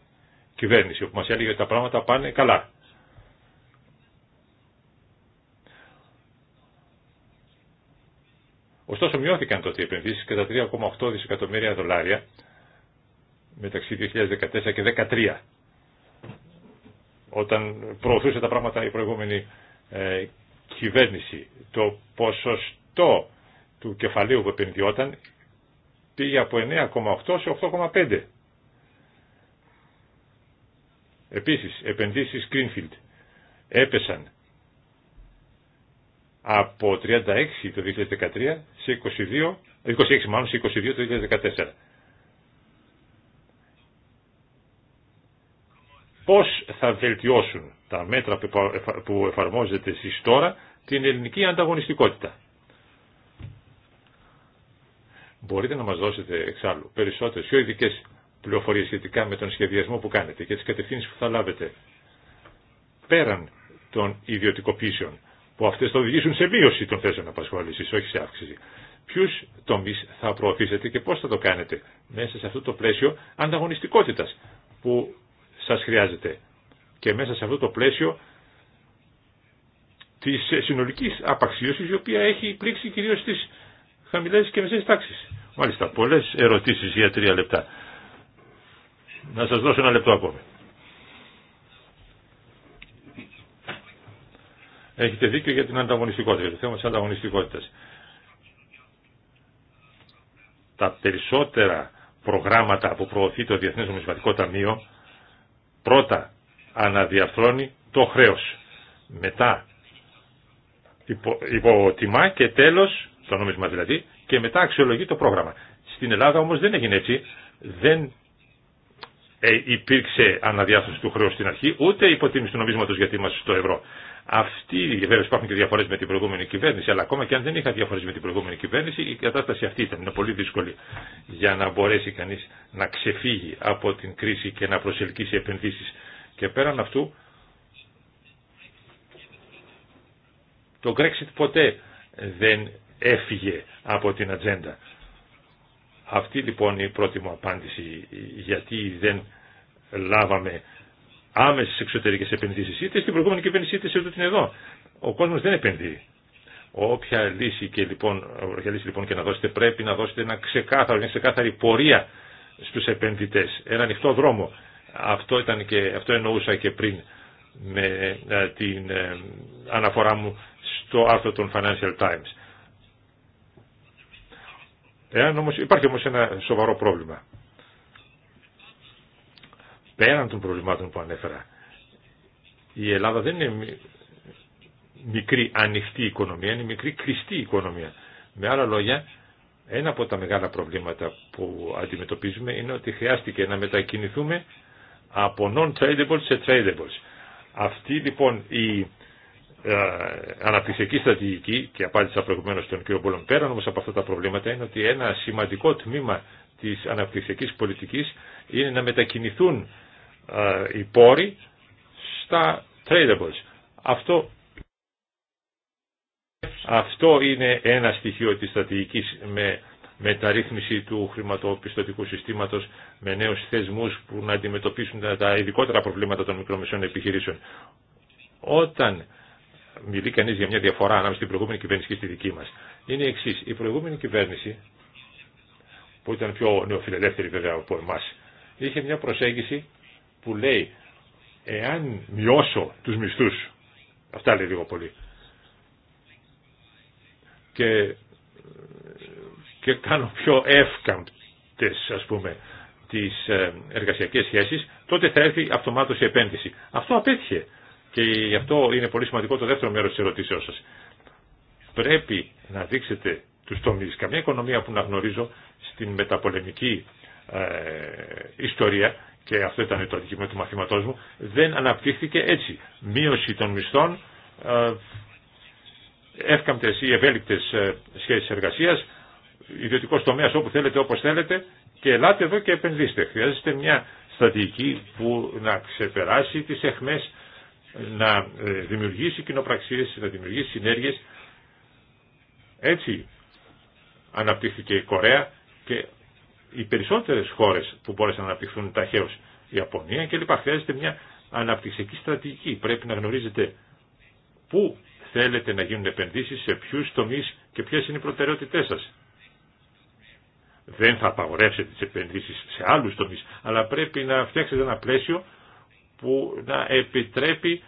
κυβέρνηση που μας έλεγε ότι τα πράγματα πάνε καλά. Ωστόσο μειώθηκαν τότε οι επενδύσεις κατά 3,8 δισεκατομμύρια δολάρια μεταξύ 2014 και 2013 όταν προωθούσε τα πράγματα η προηγούμενη ε, κυβέρνηση. Το ποσοστό του κεφαλαίου που επενδυόταν πήγε από 9,8 σε 8,5. Επίσης, επενδύσεις Greenfield έπεσαν από 36 το 2013 σε 22, 26 μάλλον σε 22 το 2014. πώς θα βελτιώσουν τα μέτρα που εφαρμόζεται εσείς τώρα την ελληνική ανταγωνιστικότητα. Μπορείτε να μας δώσετε εξάλλου περισσότερες, πιο ειδικέ πληροφορίες σχετικά με τον σχεδιασμό που κάνετε και τις κατευθύνσεις που θα λάβετε πέραν των ιδιωτικοποίησεων που αυτές θα οδηγήσουν σε μείωση των θέσεων απασχόλησης, όχι σε αύξηση. Ποιου τομεί θα προωθήσετε και πώς θα το κάνετε μέσα σε αυτό το πλαίσιο ανταγωνιστικότητας που σας χρειάζεται. Και μέσα σε αυτό το πλαίσιο της συνολικής απαξίωσης η οποία έχει πλήξει κυρίως στις χαμηλές και μεσές τάξεις. Μάλιστα, πολλές ερωτήσεις για τρία λεπτά. Να σας δώσω ένα λεπτό ακόμη. Έχετε δίκιο για την ανταγωνιστικότητα, για το θέμα της ανταγωνιστικότητας. Τα περισσότερα προγράμματα που προωθεί το Διεθνές Νομισματικό Ταμείο Πρώτα αναδιαφρώνει το χρέος. Μετά υπο, υποτιμά και τέλος, το νόμισμα δηλαδή, και μετά αξιολογεί το πρόγραμμα. Στην Ελλάδα όμως δεν έγινε έτσι. Δεν ε, υπήρξε αναδιάθρωση του χρέους στην αρχή, ούτε υποτίμηση του νομίσματος γιατί είμαστε στο ευρώ. Αυτή βέβαια υπάρχουν και διαφορέ με την προηγούμενη κυβέρνηση, αλλά ακόμα και αν δεν είχα διαφορέ με την προηγούμενη κυβέρνηση, η κατάσταση αυτή ήταν είναι πολύ δύσκολη για να μπορέσει κανεί να ξεφύγει από την κρίση και να προσελκύσει επενδύσει. Και πέραν αυτού, το Brexit ποτέ δεν έφυγε από την ατζέντα. Αυτή λοιπόν η πρώτη μου απάντηση γιατί δεν λάβαμε άμεσε εξωτερικέ επενδύσεις, είτε στην προηγούμενη κυβέρνηση είτε σε ό,τι την εδώ. Ο κόσμος δεν επενδύει. Όποια λύση, και λοιπόν, όποια λύση λοιπόν και να δώσετε πρέπει να δώσετε ένα ξεκάθαρο, μια ξεκάθαρη πορεία στους επενδυτές, ένα ανοιχτό δρόμο. Αυτό, ήταν και, αυτό εννοούσα και πριν με ε, την ε, αναφορά μου στο άρθρο των Financial Times. όμως, υπάρχει όμως ένα σοβαρό πρόβλημα πέραν των προβλημάτων που ανέφερα. Η Ελλάδα δεν είναι μικρή ανοιχτή οικονομία, είναι μικρή κλειστή οικονομία. Με άλλα λόγια, ένα από τα μεγάλα προβλήματα που αντιμετωπίζουμε είναι ότι χρειάστηκε να μετακινηθούμε από non-tradable σε tradables. Αυτή λοιπόν η ε, αναπτυξιακή στρατηγική και απάντησα προηγουμένως στον κύριο Μπόλων, πέραν όμως από αυτά τα προβλήματα είναι ότι ένα σημαντικό τμήμα της αναπτυξιακής πολιτικής είναι να μετακινηθούν ε, οι πόροι στα tradables. Αυτό, αυτό είναι ένα στοιχείο της στρατηγικής με μεταρρύθμιση του χρηματοπιστωτικού συστήματος με νέους θεσμούς που να αντιμετωπίσουν τα ειδικότερα προβλήματα των μικρομεσαίων επιχειρήσεων. Όταν μιλεί κανείς για μια διαφορά ανάμεσα στην προηγούμενη κυβέρνηση και στη δική μας, είναι η εξής. Η προηγούμενη κυβέρνηση, που ήταν πιο νεοφιλελεύθερη βέβαια από εμάς, είχε μια προσέγγιση που λέει εάν μειώσω τους μισθούς, αυτά λέει λίγο πολύ, και, και κάνω πιο εύκαμπτες ας πούμε τις ε, εργασιακές σχέσεις, τότε θα έρθει αυτομάτως η επένδυση. Αυτό απέτυχε και γι' αυτό είναι πολύ σημαντικό το δεύτερο μέρος της ερωτήσεώς σας. Πρέπει να δείξετε τους τομείς. Καμία οικονομία που να γνωρίζω στην μεταπολεμική ε, ιστορία και αυτό ήταν το αντικείμενο του μαθήματός μου, δεν αναπτύχθηκε έτσι. Μείωση των μισθών, ε, εύκαμπτες ή ευέλικτες ε, σχέσεις εργασίας, ιδιωτικό τομέα όπου θέλετε, όπως θέλετε και ελάτε εδώ και επενδύστε. Χρειάζεστε μια στρατηγική που να ξεπεράσει τις εχμές, να ε, δημιουργήσει κοινοπραξίες, να δημιουργήσει συνέργειες. Έτσι αναπτύχθηκε η Κορέα και οι περισσότερες χώρες που μπόρεσαν να αναπτυχθούν ταχαίως η Ιαπωνία και λοιπά. Χρειάζεται μια αναπτυξιακή στρατηγική. Πρέπει να γνωρίζετε πού θέλετε να γίνουν επενδύσεις, σε ποιους τομείς και ποιες είναι οι προτεραιότητές σας. Δεν θα απαγορεύσετε τις επενδύσεις σε άλλους τομείς, αλλά πρέπει να φτιάξετε ένα πλαίσιο που να επιτρέπει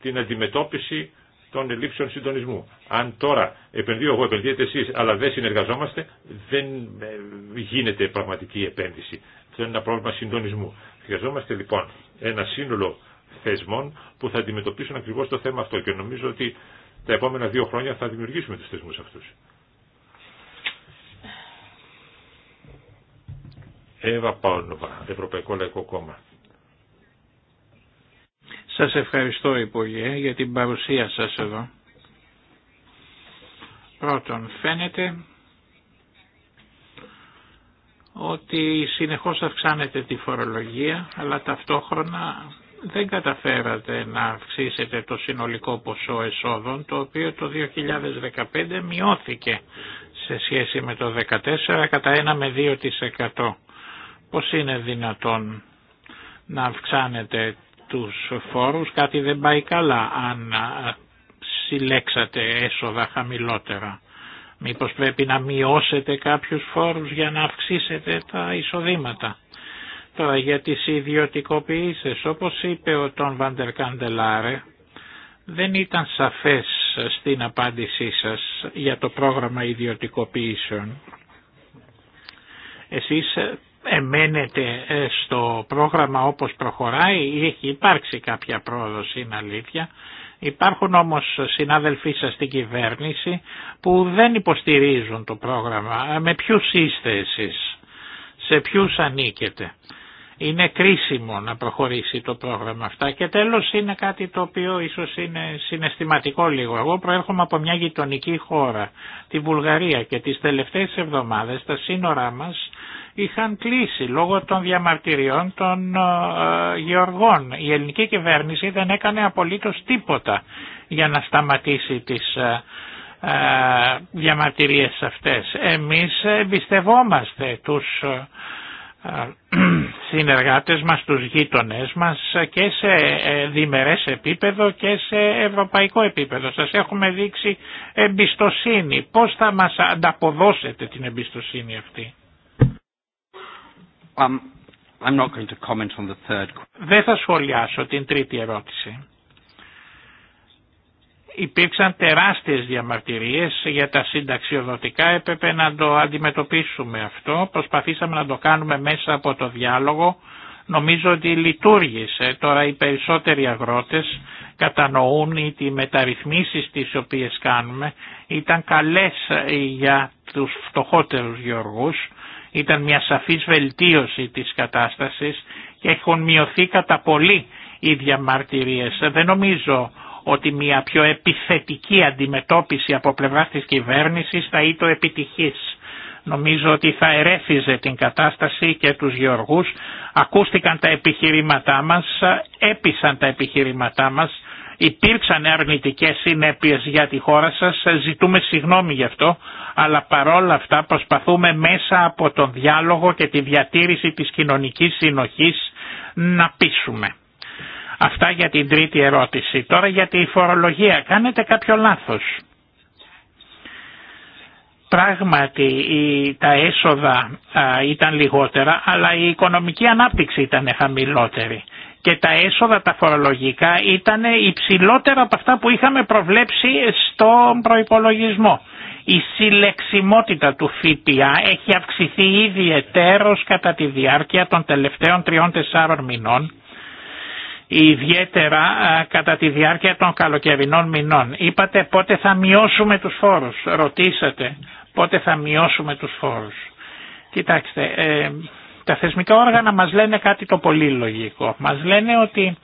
την αντιμετώπιση των ελλείψεων συντονισμού. Αν τώρα επενδύω εγώ, επενδύετε εσείς, αλλά δεν συνεργαζόμαστε, δεν ε, γίνεται πραγματική επένδυση. Αυτό είναι ένα πρόβλημα συντονισμού. Χρειαζόμαστε λοιπόν ένα σύνολο θεσμών που θα αντιμετωπίσουν ακριβώς το θέμα αυτό και νομίζω ότι τα επόμενα δύο χρόνια θα δημιουργήσουμε τους θεσμούς αυτούς. Εύα Ευρωπαϊκό Λαϊκό Κόμμα. Σας ευχαριστώ Υπουργέ για την παρουσία σας εδώ. Πρώτον, φαίνεται ότι συνεχώς αυξάνεται τη φορολογία, αλλά ταυτόχρονα δεν καταφέρατε να αυξήσετε το συνολικό ποσό εσόδων, το οποίο το 2015 μειώθηκε σε σχέση με το 2014 κατά 1 με 2%. Πώς είναι δυνατόν να αυξάνετε τους φόρους κάτι δεν πάει καλά αν συλλέξατε έσοδα χαμηλότερα. Μήπως πρέπει να μειώσετε κάποιους φόρους για να αυξήσετε τα εισοδήματα. Τώρα για τις ιδιωτικοποιήσεις, όπως είπε ο Τον Βαντερ Καντελάρε, δεν ήταν σαφές στην απάντησή σας για το πρόγραμμα ιδιωτικοποιήσεων. Εσείς Εμένετε στο πρόγραμμα όπως προχωράει, έχει υπάρξει κάποια πρόοδος είναι αλήθεια. Υπάρχουν όμως συνάδελφοί σας στην κυβέρνηση που δεν υποστηρίζουν το πρόγραμμα. Ε, με ποιους είστε εσείς, σε ποιους ανήκετε είναι κρίσιμο να προχωρήσει το πρόγραμμα αυτά και τέλος είναι κάτι το οποίο ίσως είναι συναισθηματικό λίγο. Εγώ προέρχομαι από μια γειτονική χώρα, τη Βουλγαρία και τις τελευταίες εβδομάδες τα σύνορά μας είχαν κλείσει λόγω των διαμαρτυριών των ε, γεωργών. Η ελληνική κυβέρνηση δεν έκανε απολύτως τίποτα για να σταματήσει τις ε, ε, διαμαρτυρίες αυτές. Εμείς εμπιστευόμαστε τους ε, ε, συνεργάτες μας, τους γείτονές μας και σε ε, διμερές επίπεδο και σε ευρωπαϊκό επίπεδο. Σας έχουμε δείξει εμπιστοσύνη. Πώς θα μας ανταποδώσετε την εμπιστοσύνη αυτή. Um, I'm not going to the third... Δεν θα σχολιάσω την τρίτη ερώτηση υπήρξαν τεράστιες διαμαρτυρίες για τα συνταξιοδοτικά, έπρεπε να το αντιμετωπίσουμε αυτό, προσπαθήσαμε να το κάνουμε μέσα από το διάλογο, νομίζω ότι λειτουργήσε. Τώρα οι περισσότεροι αγρότες κατανοούν ότι οι μεταρρυθμίσεις τις οποίες κάνουμε ήταν καλές για τους φτωχότερους γεωργούς, ήταν μια σαφής βελτίωση της κατάστασης και έχουν μειωθεί κατά πολύ οι διαμαρτυρίες. Δεν νομίζω ότι μια πιο επιθετική αντιμετώπιση από πλευρά της κυβέρνησης θα ήταν επιτυχής. Νομίζω ότι θα ερέφιζε την κατάσταση και τους γεωργούς. Ακούστηκαν τα επιχειρήματά μας, έπεισαν τα επιχειρήματά μας, υπήρξαν αρνητικές συνέπειες για τη χώρα σας, ζητούμε συγνώμη γι' αυτό, αλλά παρόλα αυτά προσπαθούμε μέσα από τον διάλογο και τη διατήρηση της κοινωνικής συνοχής να πείσουμε. Αυτά για την τρίτη ερώτηση. Τώρα για τη φορολογία. Κάνετε κάποιο λάθος. Πράγματι τα έσοδα ήταν λιγότερα αλλά η οικονομική ανάπτυξη ήταν χαμηλότερη και τα έσοδα τα φορολογικά ήταν υψηλότερα από αυτά που είχαμε προβλέψει στον προϋπολογισμό. Η συλλεξιμότητα του ΦΠΑ έχει αυξηθεί ήδη κατά τη διάρκεια των τελευταίων τριών-τεσσάρων μηνών ιδιαίτερα κατά τη διάρκεια των καλοκαιρινών μηνών. Είπατε πότε θα μειώσουμε τους φόρους. Ρωτήσατε πότε θα μειώσουμε τους φόρους. Κοιτάξτε, ε, τα θεσμικά όργανα μας λένε κάτι το πολύ λογικό. Μας λένε ότι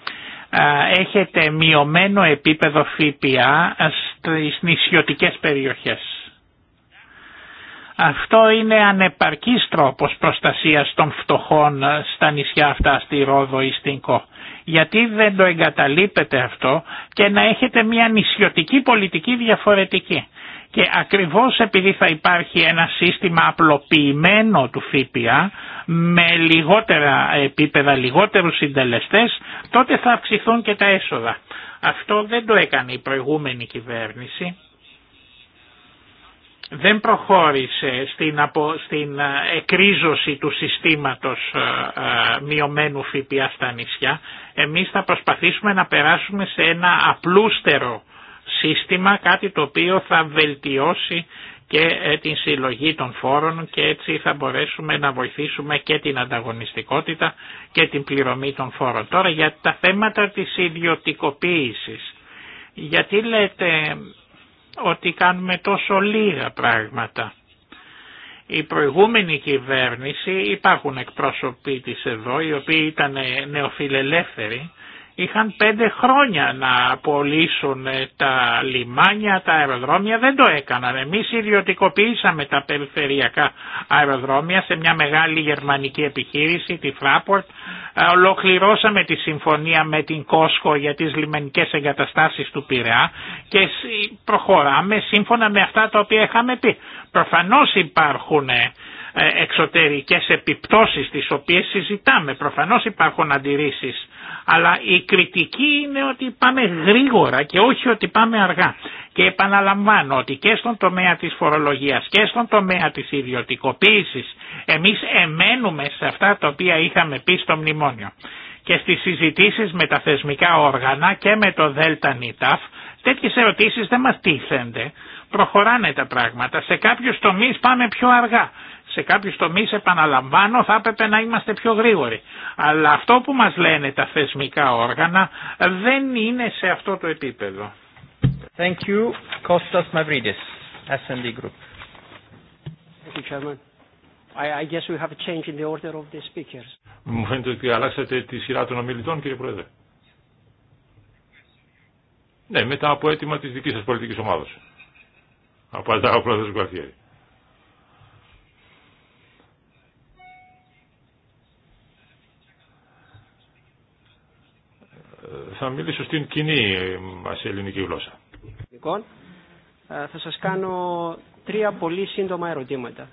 έχετε μειωμένο επίπεδο ΦΠΑ στις νησιωτικές περιοχές. Αυτό είναι ανεπαρκής τρόπος προστασίας των φτωχών ε, στα νησιά αυτά στη Ρόδο ή στην Κο γιατί δεν το εγκαταλείπετε αυτό και να έχετε μια νησιωτική πολιτική διαφορετική. Και ακριβώς επειδή θα υπάρχει ένα σύστημα απλοποιημένο του ΦΠΑ με λιγότερα επίπεδα, λιγότερους συντελεστές, τότε θα αυξηθούν και τα έσοδα. Αυτό δεν το έκανε η προηγούμενη κυβέρνηση. Δεν προχώρησε στην, απο, στην ε, εκρίζωση του συστήματος ε, ε, μειωμένου ΦΠΑ στα νησιά. Εμείς θα προσπαθήσουμε να περάσουμε σε ένα απλούστερο σύστημα, κάτι το οποίο θα βελτιώσει και ε, την συλλογή των φόρων και έτσι θα μπορέσουμε να βοηθήσουμε και την ανταγωνιστικότητα και την πληρωμή των φόρων. Τώρα για τα θέματα της ιδιωτικοποίησης. Γιατί λέτε ότι κάνουμε τόσο λίγα πράγματα. Η προηγούμενη κυβέρνηση υπάρχουν εκπρόσωποι της εδώ οι οποίοι ήταν νεοφιλελεύθεροι είχαν πέντε χρόνια να απολύσουν ε, τα λιμάνια, τα αεροδρόμια, δεν το έκαναν. Εμείς ιδιωτικοποιήσαμε τα περιφερειακά αεροδρόμια σε μια μεγάλη γερμανική επιχείρηση, τη Fraport. Ε, ολοκληρώσαμε τη συμφωνία με την Κόσκο για τις λιμενικές εγκαταστάσεις του Πειραιά και προχωράμε σύμφωνα με αυτά τα οποία είχαμε πει. Προφανώς υπάρχουν ε, εξωτερικές επιπτώσεις τις οποίες συζητάμε. Προφανώς υπάρχουν αντιρρήσεις αλλά η κριτική είναι ότι πάμε γρήγορα και όχι ότι πάμε αργά. Και επαναλαμβάνω ότι και στον τομέα της φορολογίας και στον τομέα της ιδιωτικοποίησης εμείς εμένουμε σε αυτά τα οποία είχαμε πει στο μνημόνιο. Και στις συζητήσεις με τα θεσμικά όργανα και με το ΔΕΛΤΑ ΝΙΤΑΦ τέτοιες ερωτήσεις δεν μας τίθενται. Προχωράνε τα πράγματα. Σε κάποιους τομείς πάμε πιο αργά. Σε κάποιους τομείς επαναλαμβάνω θα έπρεπε να είμαστε πιο γρήγοροι. Αλλά αυτό που μας λένε τα θεσμικά όργανα δεν είναι σε αυτό το επίπεδο. Thank you, Kostas Mavridis, SND Group. Thank you, Chairman. I, guess we have a change in the order of the speakers. Μου φαίνεται ότι αλλάξατε τη σειρά των ομιλητών, κύριε Πρόεδρε. Ναι, μετά από αίτημα της δικής σας πολιτικής ομάδος. Απαντάω Πρόεδρε, Πρόεδρος Γκουαλτιέρη. θα μιλήσω στην κοινή μας ελληνική γλώσσα. Λοιπόν, ε, θα σας κάνω τρία πολύ σύντομα ερωτήματα.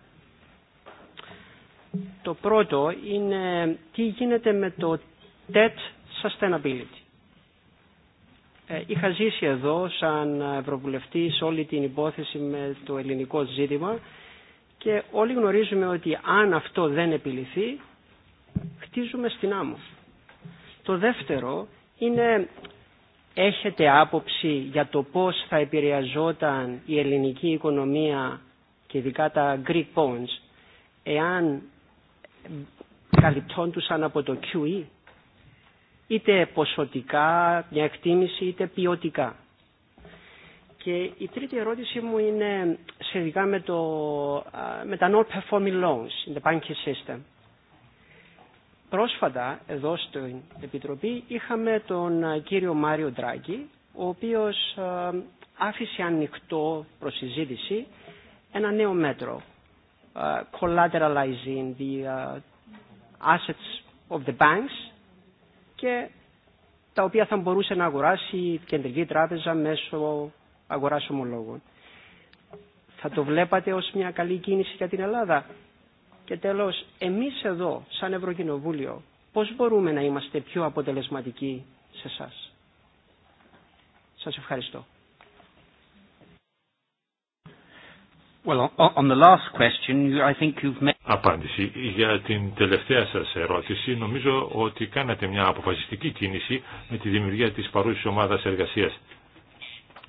Το πρώτο είναι τι γίνεται με το TET Sustainability. Ε, είχα ζήσει εδώ σαν Ευρωβουλευτής όλη την υπόθεση με το ελληνικό ζήτημα και όλοι γνωρίζουμε ότι αν αυτό δεν επιληθεί, χτίζουμε στην άμμο. Το δεύτερο είναι έχετε άποψη για το πώς θα επηρεαζόταν η ελληνική οικονομία και ειδικά τα Greek bonds εάν καλυπτόντουσαν από το QE είτε ποσοτικά μια εκτίμηση είτε ποιοτικά. Και η τρίτη ερώτηση μου είναι σχετικά με, το, με τα non-performing loans in the banking system. Πρόσφατα εδώ στην Επιτροπή είχαμε τον ε, κύριο Μάριο Ντράγκη, ο οποίος ε, άφησε ανοιχτό προς συζήτηση ένα νέο μέτρο, ε, collateralizing the assets of the banks και τα οποία θα μπορούσε να αγοράσει η Κεντρική Τράπεζα μέσω αγοράς ομολόγων. Θα το βλέπατε ως μια καλή κίνηση για την Ελλάδα. Και τέλος, εμείς εδώ, σαν Ευρωκοινοβούλιο, πώς μπορούμε να είμαστε πιο αποτελεσματικοί σε εσά. Σας ευχαριστώ. Well, on the last question, I think you've Απάντηση. Για την τελευταία σας ερώτηση, νομίζω ότι κάνατε μια αποφασιστική κίνηση με τη δημιουργία της παρούσης ομάδας εργασίας.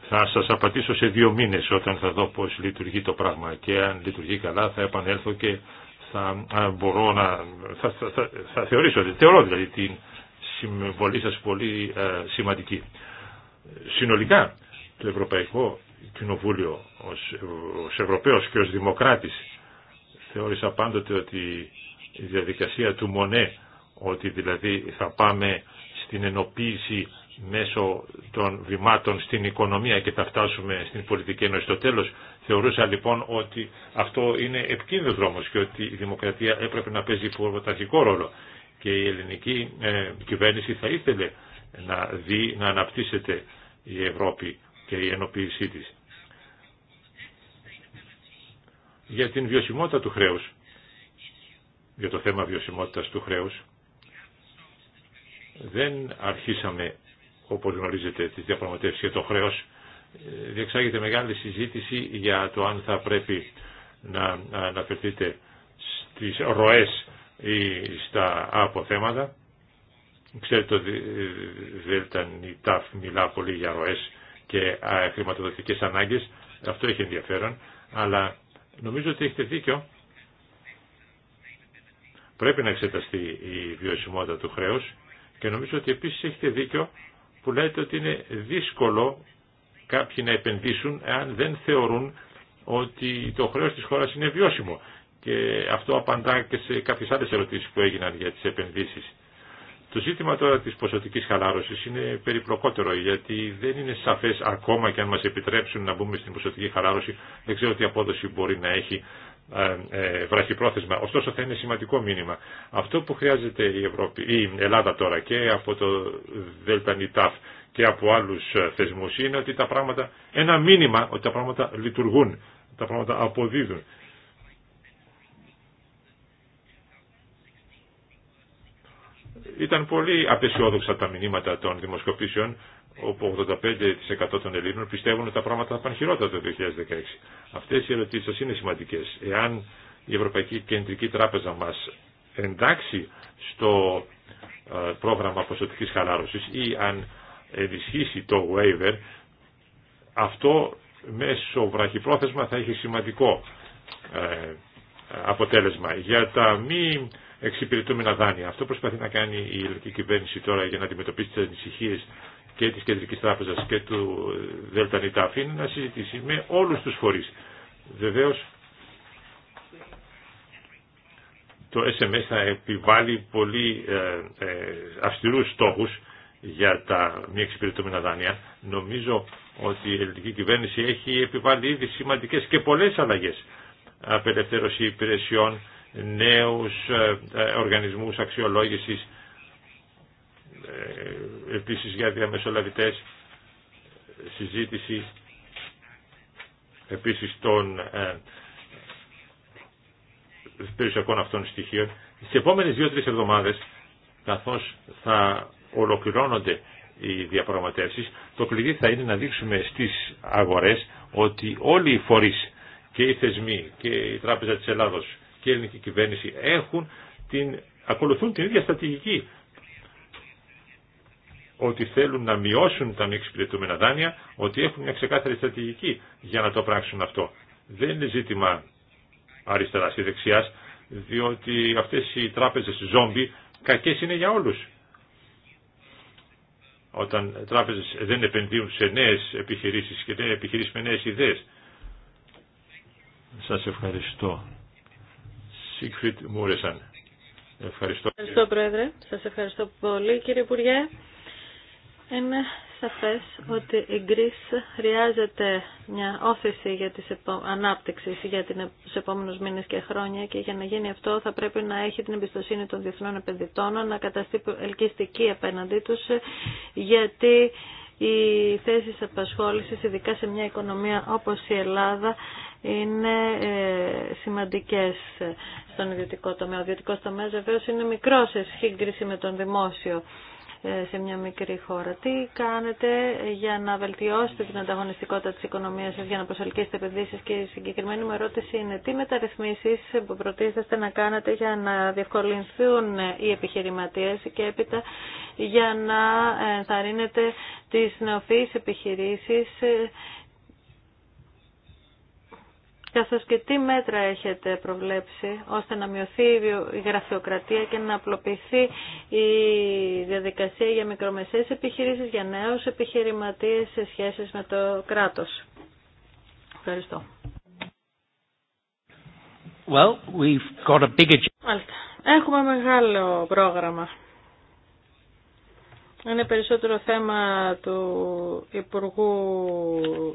Θα σας απαντήσω σε δύο μήνες όταν θα δω πώς λειτουργεί το πράγμα και αν λειτουργεί καλά θα επανέλθω και θα ε, μπορώ να... θα, θεωρήσω, θεωρώ δηλαδή την συμβολή σας πολύ ε, σημαντική. Συνολικά το Ευρωπαϊκό Κοινοβούλιο ως, ως Ευρωπαίος και ως Δημοκράτης θεώρησα πάντοτε ότι η διαδικασία του Μονέ ότι δηλαδή θα πάμε στην ενοποίηση μέσω των βημάτων στην οικονομία και θα φτάσουμε στην πολιτική ενώ στο τέλος Θεωρούσα λοιπόν ότι αυτό είναι επικίνδυνο δρόμο και ότι η δημοκρατία έπρεπε να παίζει πρωταρχικό ρόλο. Και η ελληνική ε, κυβέρνηση θα ήθελε να δει να αναπτύσσεται η Ευρώπη και η ενοποίησή της. Για την βιωσιμότητα του χρέους, για το θέμα βιωσιμότητας του χρέους, δεν αρχίσαμε, όπως γνωρίζετε, τις διαπραγματεύσεις για το χρέος διεξάγεται μεγάλη συζήτηση για το αν θα πρέπει να αναφερθείτε στις ροές ή στα αποθέματα. Ξέρετε ότι η ΤΑΦ μιλά πολύ για ροές και χρηματοδοτικές ανάγκες. Αυτό έχει ενδιαφέρον. Αλλά νομίζω ότι έχετε δίκιο. Πρέπει να εξεταστεί η βιωσιμότητα του χρέους και νομίζω ότι επίσης έχετε δίκιο που λέτε ότι είναι δύσκολο κάποιοι να επενδύσουν εάν δεν θεωρούν ότι το χρέος της χώρας είναι βιώσιμο. Και αυτό απαντά και σε κάποιες άλλες ερωτήσεις που έγιναν για τις επενδύσεις. Το ζήτημα τώρα της ποσοτικής χαλάρωσης είναι περιπλοκότερο γιατί δεν είναι σαφές ακόμα και αν μας επιτρέψουν να μπούμε στην ποσοτική χαλάρωση δεν ξέρω τι απόδοση μπορεί να έχει ε, ε, βραχυπρόθεσμα. Ωστόσο θα είναι σημαντικό μήνυμα. Αυτό που χρειάζεται η, Ευρώπη, η Ελλάδα τώρα και από το ΔΝΤ και από άλλους ε, θεσμούς είναι ότι τα πράγματα, ένα μήνυμα ότι τα πράγματα λειτουργούν, τα πράγματα αποδίδουν. Ήταν πολύ απεσιόδοξα τα μηνύματα των δημοσκοπήσεων, όπου 85% των Ελλήνων πιστεύουν ότι τα πράγματα θα πάνε χειρότερα το 2016. Αυτές οι ερωτήσεις σας είναι σημαντικές. Εάν η Ευρωπαϊκή Κεντρική Τράπεζα μας εντάξει στο ε, πρόγραμμα ποσοτικής χαλάρωσης ή αν ενισχύσει το waiver, αυτό μέσω βραχυπρόθεσμα θα έχει σημαντικό ε, αποτέλεσμα. Για τα μη εξυπηρετούμενα δάνεια, αυτό προσπαθεί να κάνει η ελληνική κυβέρνηση τώρα για να αντιμετωπίσει τις ανησυχίε και της Κεντρικής Τράπεζας και του ΔΝΤ είναι να συζητήσει με όλους τους φορείς. Βεβαίως το SMS θα επιβάλλει πολύ ε, ε, αυστηρούς στόχους για τα μη εξυπηρετούμενα δάνεια. Νομίζω ότι η ελληνική κυβέρνηση έχει επιβάλει ήδη σημαντικές και πολλές αλλαγές. Απελευθέρωση υπηρεσιών, νέους ε, ε, οργανισμούς αξιολόγησης, ε, επίσης για διαμεσολαβητές, συζήτηση επίσης των περιουσιακών αυτών στοιχείων. Στις επόμενες δύο-τρεις εβδομάδες, καθώς θα ολοκληρώνονται οι διαπραγματεύσεις, το κλειδί θα είναι να δείξουμε στις αγορές ότι όλοι οι φορείς και οι θεσμοί και η Τράπεζα της Ελλάδος και η ελληνική κυβέρνηση έχουν την, ακολουθούν την ίδια στρατηγική ότι θέλουν να μειώσουν τα μη εξυπηρετούμενα δάνεια, ότι έχουν μια ξεκάθαρη στρατηγική για να το πράξουν αυτό. Δεν είναι ζήτημα αριστερά ή δεξιά, διότι αυτέ οι τράπεζε ζόμπι κακέ είναι για όλους όταν τράπεζες δεν επενδύουν σε νέες επιχειρήσεις και δεν επιχειρήσεις με νέες ιδέες. Σας ευχαριστώ. Σίγκριτ Μούρεσαν. Ευχαριστώ. Ευχαριστώ Πρόεδρε. Σας ευχαριστώ πολύ κύριε Υπουργέ. Ένα σαφές ότι η κρίση χρειάζεται μια όθηση για τις επο... ανάπτυξη για την... τους επόμενους μήνες και χρόνια και για να γίνει αυτό θα πρέπει να έχει την εμπιστοσύνη των διεθνών επενδυτών, να καταστεί ελκυστική απέναντί τους γιατί οι θέσεις απασχόλησης, ειδικά σε μια οικονομία όπως η Ελλάδα, είναι ε, σημαντικές στον ιδιωτικό τομέα. Ο ιδιωτικός τομέας βεβαίως είναι μικρό σε σύγκριση με τον δημόσιο. Ε, σε μια μικρή χώρα. Τι κάνετε για να βελτιώσετε την ανταγωνιστικότητα της οικονομίας σας, για να προσελκύσετε επενδύσεις και η συγκεκριμένη μου ερώτηση είναι τι μεταρρυθμίσεις που προτίθεστε να κάνετε για να διευκολυνθούν οι επιχειρηματίες και έπειτα για να ενθαρρύνετε τις νεοφύης επιχειρήσεις καθώς και τι μέτρα έχετε προβλέψει ώστε να μειωθεί η γραφειοκρατία και να απλοποιηθεί η διαδικασία για μικρομεσαίες επιχειρήσεις, για νέους επιχειρηματίες σε σχέση με το κράτος. Ευχαριστώ. Well, Έχουμε μεγάλο πρόγραμμα. Είναι περισσότερο θέμα του Υπουργού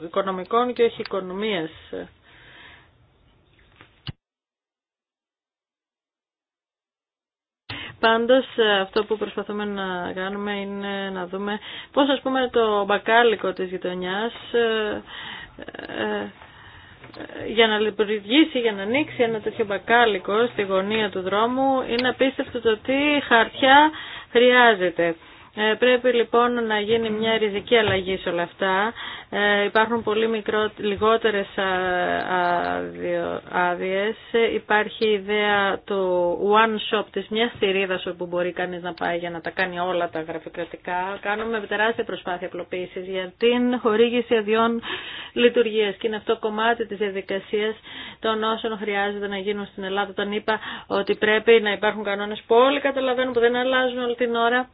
Οικονομικών και όχι Οικονομίας. Πάντως ε, αυτό που προσπαθούμε να κάνουμε είναι να δούμε πώς ας πούμε το μπακάλικο της γειτονιάς ε, ε, για να λειτουργήσει, για να ανοίξει ένα τέτοιο μπακάλικο στη γωνία του δρόμου είναι απίστευτο το τι χαρτιά χρειάζεται. Ε, πρέπει λοιπόν να γίνει μια ριζική αλλαγή σε όλα αυτά. Ε, υπάρχουν πολύ μικρό, λιγότερες άδειε. Υπάρχει η ιδέα του one shop της μιας θηρίδας όπου μπορεί κανείς να πάει για να τα κάνει όλα τα γραφειοκρατικά. Κάνουμε τεράστια προσπάθεια απλοποίησης για την χορήγηση αδειών λειτουργίας και είναι αυτό κομμάτι της διαδικασία των όσων χρειάζεται να γίνουν στην Ελλάδα. Όταν είπα ότι πρέπει να υπάρχουν κανόνες που όλοι καταλαβαίνουν που δεν αλλάζουν όλη την ώρα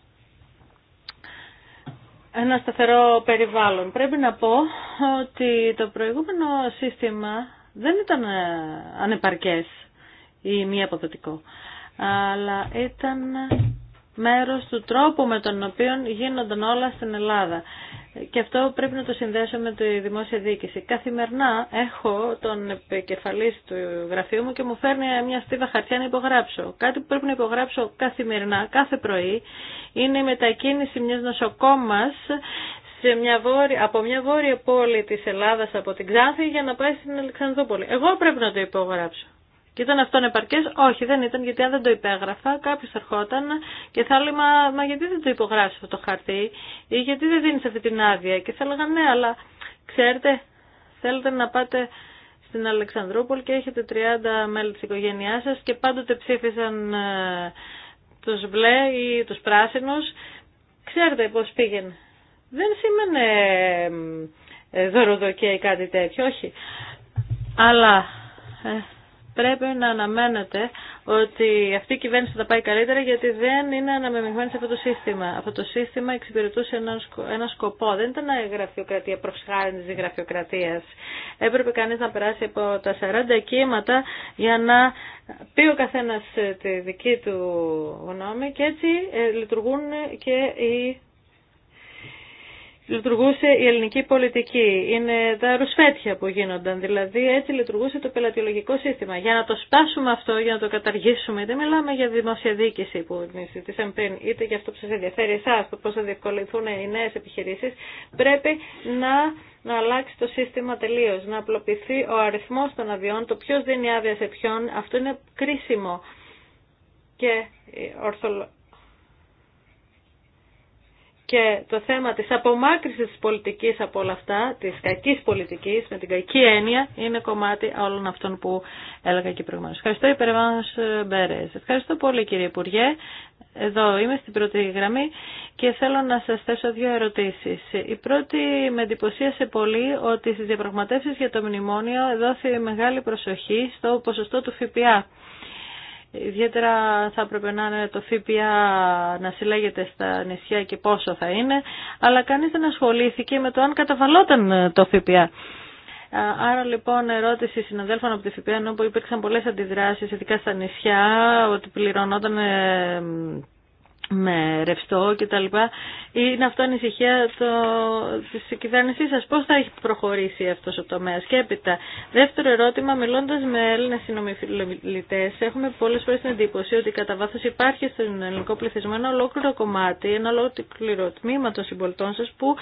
ένα σταθερό περιβάλλον. Πρέπει να πω ότι το προηγούμενο σύστημα δεν ήταν ε, ανεπαρκές ή μη αποδοτικό, αλλά ήταν μέρος του τρόπου με τον οποίο γίνονταν όλα στην Ελλάδα. Και αυτό πρέπει να το συνδέσω με τη δημόσια διοίκηση. Καθημερινά έχω τον επικεφαλή του γραφείου μου και μου φέρνει μια στίβα χαρτιά να υπογράψω. Κάτι που πρέπει να υπογράψω καθημερινά, κάθε πρωί, είναι η μετακίνηση μιας νοσοκόμας σε μια βόρεια, από μια βόρεια πόλη της Ελλάδας, από την Ξάνθη, για να πάει στην Αλεξανδρόπολη. Εγώ πρέπει να το υπογράψω. Και ήταν αυτόν επαρκέ. Όχι, δεν ήταν, γιατί αν δεν το υπέγραφα, κάποιο ερχόταν και θα έλεγε μα, μα γιατί δεν το υπογράφει αυτό το χαρτί, ή γιατί δεν δίνει αυτή την άδεια. Και θα έλεγα ναι, αλλά ξέρετε, θέλετε να πάτε στην Αλεξανδρούπολη και έχετε 30 μέλη τη οικογένεια σα και πάντοτε ψήφισαν ε, τους μπλε ή τους πράσινους. Ξέρετε πώ πήγαινε. Δεν σήμαινε ε, ε, δωροδοκία ή κάτι τέτοιο, όχι. Αλλά πρέπει να αναμένετε ότι αυτή η κυβέρνηση θα πάει καλύτερα γιατί δεν είναι αναμεμειγμένη σε αυτό το σύστημα. Αυτό το σύστημα εξυπηρετούσε ένα, σκοπό. Δεν ήταν γραφειοκρατία προς τη γραφειοκρατίας. Έπρεπε κανείς να περάσει από τα 40 κύματα για να πει ο καθένα ε, τη δική του γνώμη και έτσι ε, λειτουργούν και οι λειτουργούσε η ελληνική πολιτική. Είναι τα ρουσφέτια που γίνονταν. Δηλαδή έτσι λειτουργούσε το πελατειολογικό σύστημα. Για να το σπάσουμε αυτό, για να το καταργήσουμε, δεν μιλάμε για δημόσια διοίκηση που συζητήσαμε πριν, είτε για αυτό που σα ενδιαφέρει εσά, το πώ θα διευκολυνθούν οι νέε επιχειρήσει, πρέπει να να αλλάξει το σύστημα τελείω, να απλοποιηθεί ο αριθμό των αδειών, το ποιο δίνει άδεια σε ποιον, αυτό είναι κρίσιμο. Και ε, και το θέμα της απομάκρυσης της πολιτικής από όλα αυτά, της κακής πολιτικής, με την κακή έννοια, είναι κομμάτι όλων αυτών που έλεγα και προηγουμένως. Ευχαριστώ υπερβάνος ε, Μπέρες. Ευχαριστώ πολύ κύριε Υπουργέ. Εδώ είμαι στην πρώτη γραμμή και θέλω να σας θέσω δύο ερωτήσεις. Η πρώτη με εντυπωσίασε πολύ ότι στις διαπραγματεύσεις για το μνημόνιο δόθη μεγάλη προσοχή στο ποσοστό του ΦΠΑ. Ιδιαίτερα θα έπρεπε να είναι το ΦΠΑ να συλλέγεται στα νησιά και πόσο θα είναι, αλλά κανείς δεν ασχολήθηκε με το αν καταβαλόταν το ΦΠΑ. Άρα λοιπόν ερώτηση συναδέλφων από τη ΦΠΑ, ενώ υπήρξαν πολλές αντιδράσεις, ειδικά στα νησιά, ότι πληρωνόταν ε, με ρευστό κτλ. Είναι αυτό ανησυχία το, της κυβέρνησής σας. Πώς θα έχει προχωρήσει αυτός ο τομέας. Και έπειτα, δεύτερο ερώτημα, μιλώντας με Έλληνες συνομιλητές, έχουμε πολλές φορές την εντύπωση ότι κατά βάθος υπάρχει στον ελληνικό πληθυσμό ένα ολόκληρο κομμάτι, ένα ολόκληρο τμήμα των συμπολιτών σας που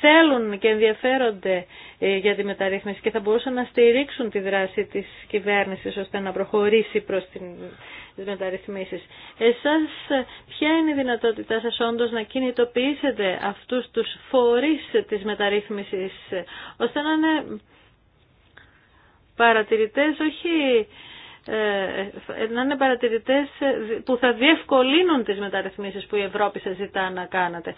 θέλουν και ενδιαφέρονται ε, για τη μεταρρύθμιση και θα μπορούσαν να στηρίξουν τη δράση της κυβέρνησης ώστε να προχωρήσει προς την τις Εσάς ποια είναι η δυνατότητά σας όντως να κινητοποιήσετε αυτούς τους φορείς της μεταρρύθμισης ώστε να είναι παρατηρητές όχι ε, να είναι παρατηρητές που θα διευκολύνουν τις μεταρρυθμίσεις που η Ευρώπη σας ζητά να κάνετε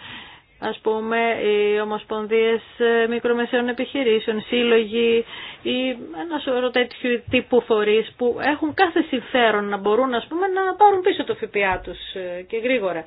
ας πούμε, οι ομοσπονδίες ε, μικρομεσαίων επιχειρήσεων, σύλλογοι ή ένα σωρό τέτοιου τύπου φορείς που έχουν κάθε συμφέρον να μπορούν, ας πούμε, να πάρουν πίσω το ΦΠΑ τους ε, και γρήγορα.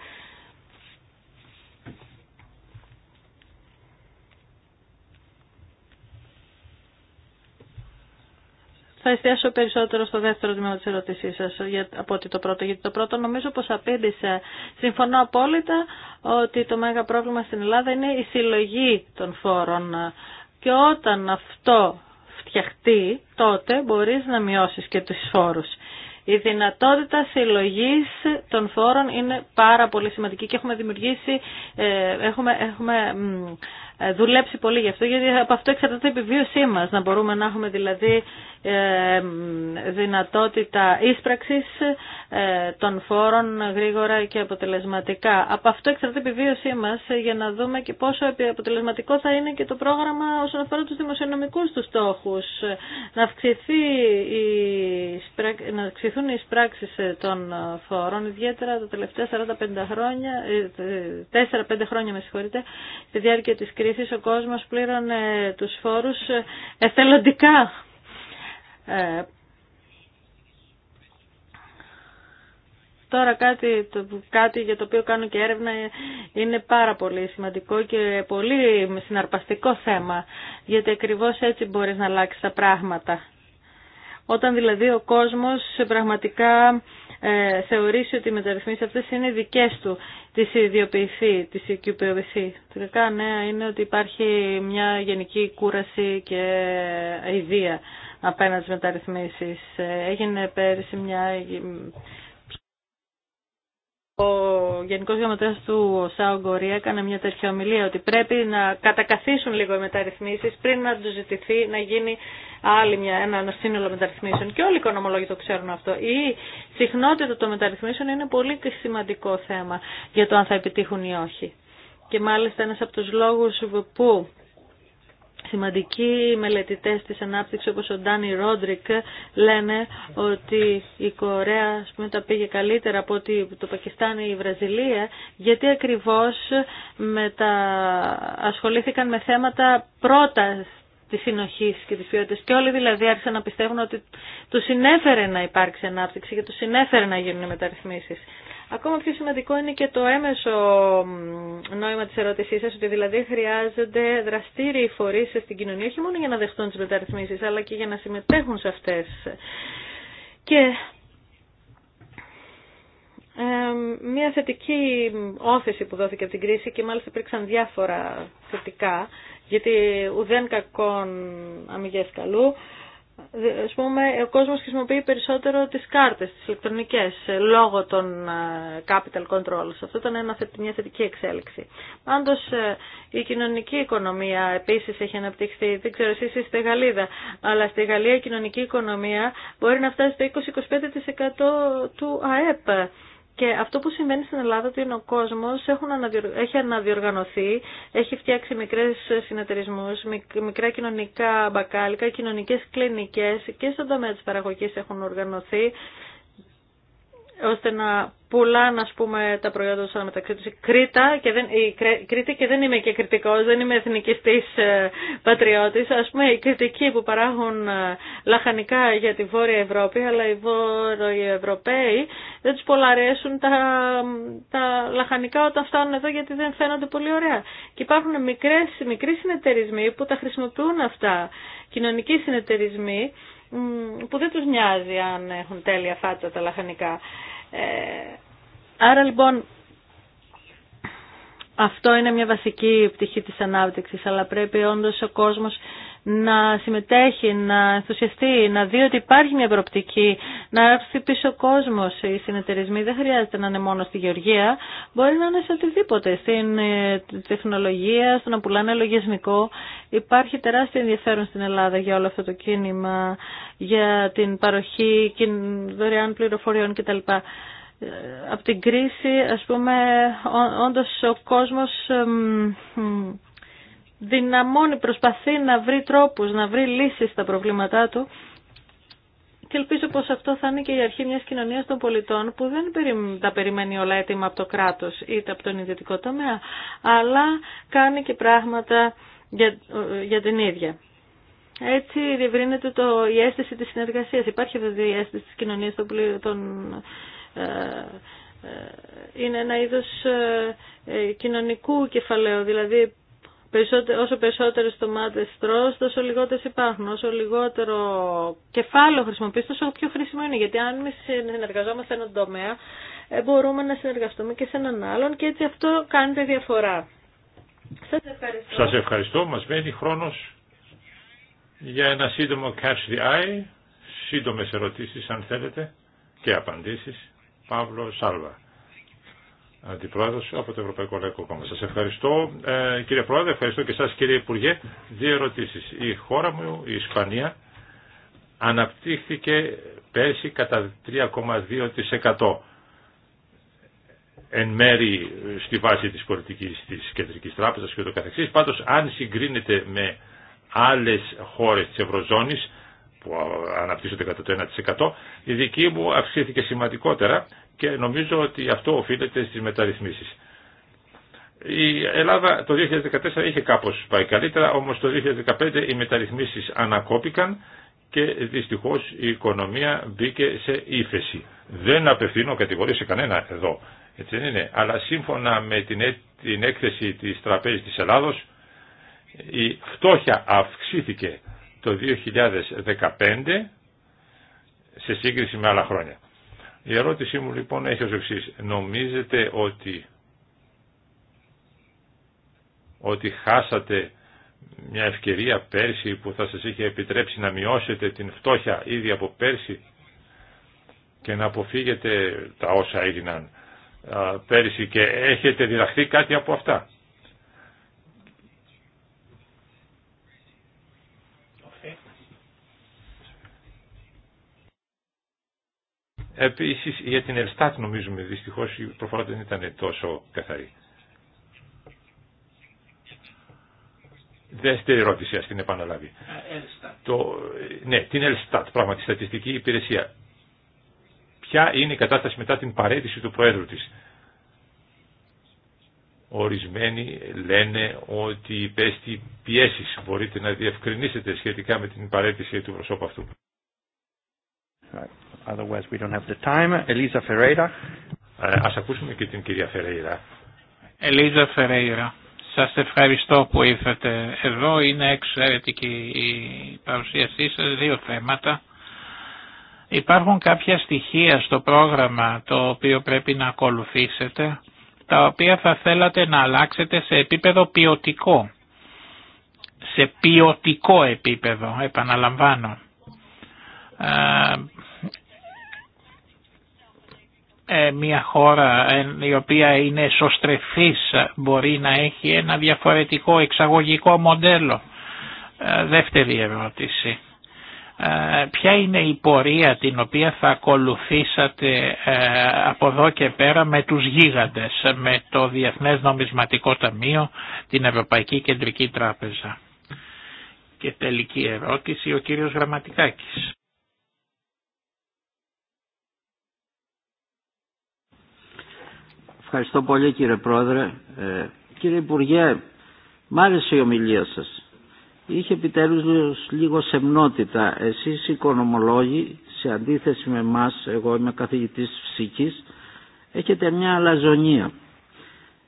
Θα εστιάσω περισσότερο στο δεύτερο τμήμα της ερώτησής σας από ότι το πρώτο. Γιατί το πρώτο νομίζω πως απέντησε, Συμφωνώ απόλυτα ότι το μέγα πρόβλημα στην Ελλάδα είναι η συλλογή των φόρων. Και όταν αυτό φτιαχτεί, τότε μπορείς να μειώσεις και τους φόρους. Η δυνατότητα συλλογής των φόρων είναι πάρα πολύ σημαντική και έχουμε δημιουργήσει, ε, έχουμε, έχουμε ε, δουλέψει πολύ γι' αυτό, γιατί από αυτό εξαρτάται η επιβίωσή μας, να μπορούμε να έχουμε δηλαδή ε, δυνατότητα ίσπραξης ε, των φόρων γρήγορα και αποτελεσματικά. Από αυτό εξαρτάται η επιβίωσή μας για να δούμε και πόσο αποτελεσματικό θα είναι και το πρόγραμμα όσον αφορά τους δημοσιονομικούς του στόχους. Να, να αυξηθούν οι εισπράξεις των φόρων, ιδιαίτερα τα τελευταία 45 χρόνια, 4-5 χρόνια με συγχωρείτε, στη διάρκεια της κρίσης Επίσης ο κόσμος πλήρωνε τους φόρους ε, εθελοντικά. Ε, τώρα κάτι, κάτι για το οποίο κάνω και έρευνα είναι πάρα πολύ σημαντικό και πολύ συναρπαστικό θέμα, γιατί ακριβώ έτσι μπορείς να αλλάξει τα πράγματα. Όταν δηλαδή ο κόσμος πραγματικά ε, θεωρήσει ότι οι μεταρρυθμίσεις αυτές είναι δικές του, τις ιδιοποιηθεί, τις οικειοποιηθεί. Τελικά ναι, είναι ότι υπάρχει μια γενική κούραση και ιδία απέναντι στις μεταρρυθμίσεις. Ε, έγινε πέρυσι μια ο Γενικός Γραμματέας του ΣΑΟ Γκορία έκανε μια τέτοια ομιλία ότι πρέπει να κατακαθίσουν λίγο οι μεταρρυθμίσεις πριν να του ζητηθεί να γίνει άλλη μια, ένα σύνολο μεταρρυθμίσεων. Και όλοι οι οικονομολόγοι το ξέρουν αυτό. Η συχνότητα των μεταρρυθμίσεων είναι πολύ σημαντικό θέμα για το αν θα επιτύχουν ή όχι. Και μάλιστα ένας από τους λόγους που σημαντικοί μελετητές της ανάπτυξης όπως ο Ντάνι Ρόντρικ λένε ότι η Κορέα ας τα πήγε καλύτερα από ότι το Πακιστάν ή η Βραζιλία γιατί ακριβώς με τα... ασχολήθηκαν με θέματα πρώτα τη συνοχή και τη ποιότητα. Και όλοι δηλαδή άρχισαν να πιστεύουν ότι του συνέφερε να υπάρξει ανάπτυξη και του συνέφερε να γίνουν μεταρρυθμίσει. Ακόμα πιο σημαντικό είναι και το έμεσο νόημα της ερώτησής σας, ότι δηλαδή χρειάζονται δραστήριοι φορείς στην κοινωνία, όχι μόνο για να δεχτούν τις μεταρρυθμίσεις, αλλά και για να συμμετέχουν σε αυτές. Και μια θετική όθεση που δόθηκε από την κρίση και μάλιστα υπήρξαν διάφορα θετικά, γιατί ουδέν κακόν αμυγές καλού, Α πούμε, ο κόσμος χρησιμοποιεί περισσότερο τις κάρτες, τι ηλεκτρονικές, λόγω των ε, capital controls. Αυτό ήταν ένα, μια θετική εξέλιξη. Πάντω ε, η κοινωνική οικονομία επίσης έχει αναπτυχθεί. Δεν ξέρω εσείς είστε Γαλλίδα, αλλά στη Γαλλία η κοινωνική οικονομία μπορεί να φτάσει στο 20-25% του ΑΕΠ. Και αυτό που συμβαίνει στην Ελλάδα είναι ο κόσμος έχει αναδιοργανωθεί, έχει φτιάξει μικρέ συνεταιρισμού, μικρά κοινωνικά μπακάλικα, κοινωνικές κλινικέ και στον τομέα της παραγωγής έχουν οργανωθεί ώστε να πουλάνε ας πούμε, τα προϊόντα σαν μεταξύ τους. Κρήτα και δεν, η Κρήτη και δεν είμαι και κριτικός, δεν είμαι εθνικιστής ε, πατριώτης. Ας πούμε οι κριτικοί που παράγουν ε, λαχανικά για τη Βόρεια Ευρώπη, αλλά οι Βόρειοι Ευρωπαίοι δεν τους πολλαρέσουν τα, τα λαχανικά όταν φτάνουν εδώ γιατί δεν φαίνονται πολύ ωραία. Και υπάρχουν μικρές, μικροί συνεταιρισμοί που τα χρησιμοποιούν αυτά, κοινωνικοί συνεταιρισμοί, που δεν τους νοιάζει αν έχουν τέλεια φάτσα τα λαχανικά. Ε, άρα λοιπόν αυτό είναι μια βασική πτυχή της ανάπτυξης, αλλά πρέπει όντως ο κόσμος να συμμετέχει, να ενθουσιαστεί, να δει ότι υπάρχει μια προοπτική, να έρθει πίσω ο κόσμο. Οι συνεταιρισμοί δεν χρειάζεται να είναι μόνο στη γεωργία, μπορεί να είναι σε οτιδήποτε, στην ε, τεχνολογία, στο να πουλάνε λογισμικό. Υπάρχει τεράστιο ενδιαφέρον στην Ελλάδα για όλο αυτό το κίνημα, για την παροχή δωρεάν πληροφοριών κτλ ε, από την κρίση, ας πούμε, όντως ο κόσμος δυναμώνει, προσπαθεί να βρει τρόπους, να βρει λύσεις στα προβλήματά του και ελπίζω πως αυτό θα είναι και η αρχή μιας κοινωνίας των πολιτών που δεν τα περιμένει όλα έτοιμα από το κράτος ή από τον ιδιωτικό τομέα, αλλά κάνει και πράγματα για, για την ίδια. Έτσι διευρύνεται το, η αίσθηση της συνεργασίας. Υπάρχει βέβαια η αίσθηση της κοινωνίας των, πολιτών. Ε, ε, είναι ένα είδος ε, ε, κοινωνικού κεφαλαίου, δηλαδή όσο περισσότερες ντομάτε τρώ, τόσο λιγότερε υπάρχουν. Όσο λιγότερο κεφάλαιο χρησιμοποιείς, τόσο πιο χρήσιμο είναι. Γιατί αν εμεί συνεργαζόμαστε σε έναν τομέα, ε, μπορούμε να συνεργαστούμε και σε έναν άλλον και έτσι αυτό κάνετε διαφορά. Σα ευχαριστώ. Σας ευχαριστώ. Μας μένει χρόνος για ένα σύντομο catch the eye, σύντομε ερωτήσει αν θέλετε και απαντήσει, Παύλο Σάλβα αντιπρόεδρο από το Ευρωπαϊκό Λαϊκό Κόμμα. Σας ευχαριστώ ε, κύριε Πρόεδρε, ευχαριστώ και εσά, κύριε Υπουργέ. Δύο ερωτήσεις. Η χώρα μου, η Ισπανία, αναπτύχθηκε πέρσι κατά 3,2% εν μέρη ε, στη βάση της πολιτικής της Κεντρικής Τράπεζας και ούτω καθεξής. Πάντως αν συγκρίνεται με άλλες χώρες της Ευρωζώνης που αναπτύσσονται κατά το 1%, η δική μου αυξήθηκε σημαντικότερα και νομίζω ότι αυτό οφείλεται στις μεταρρυθμίσεις. Η Ελλάδα το 2014 είχε κάπως πάει καλύτερα, όμως το 2015 οι μεταρρυθμίσεις ανακόπηκαν και δυστυχώς η οικονομία μπήκε σε ύφεση. Δεν απευθύνω κατηγορία σε κανένα εδώ, έτσι δεν είναι, αλλά σύμφωνα με την έκθεση της Τραπέζης της Ελλάδος η φτώχεια αυξήθηκε το 2015 σε σύγκριση με άλλα χρόνια. Η ερώτησή μου λοιπόν έχει ως εξής. Νομίζετε ότι, ότι χάσατε μια ευκαιρία πέρσι που θα σας είχε επιτρέψει να μειώσετε την φτώχεια ήδη από πέρσι και να αποφύγετε τα όσα έγιναν πέρσι και έχετε διδαχθεί κάτι από αυτά. Επίση για την Ελστάτ νομίζουμε δυστυχώς η προφορά δεν ήταν τόσο καθαρή. Δεύτερη ερώτηση, ας την επαναλάβει. Ε, Το, ναι, την Ελστάτ, πράγματι, στατιστική υπηρεσία. Ποια είναι η κατάσταση μετά την παρέτηση του Προέδρου της. Ορισμένοι λένε ότι υπέστη πιέσει Μπορείτε να διευκρινίσετε σχετικά με την παρέτηση του προσώπου αυτού. Otherwise we don't have the time. Elisa Ferreira. Ε, ας ακούσουμε και την κυρία Φερέιρα. Ελίζα Φερέιρα, σας ευχαριστώ που ήρθατε εδώ. Είναι εξαιρετική η παρουσίασή σας, δύο θέματα. Υπάρχουν κάποια στοιχεία στο πρόγραμμα το οποίο πρέπει να ακολουθήσετε, τα οποία θα θέλατε να αλλάξετε σε επίπεδο ποιοτικό. Σε ποιοτικό επίπεδο, επαναλαμβάνω. Ε, ε, μια χώρα ε, η οποία είναι σωστρεφής μπορεί να έχει ένα διαφορετικό εξαγωγικό μοντέλο. Ε, δεύτερη ερώτηση. Ποια είναι η πορεία την οποία θα ακολουθήσατε από εδώ και πέρα με τους γίγαντες, με το Διεθνές Νομισματικό Ταμείο, την Ευρωπαϊκή Κεντρική Τράπεζα. Και τελική ερώτηση ο κύριος Γραμματικάκης. Ευχαριστώ πολύ κύριε Πρόεδρε. Ε, κύριε Υπουργέ, μ' άρεσε η ομιλία σας. Είχε επιτέλους λίγο σεμνότητα. Εσείς οικονομολόγοι, σε αντίθεση με μας, εγώ είμαι καθηγητής ψυχής, έχετε μια αλαζονία.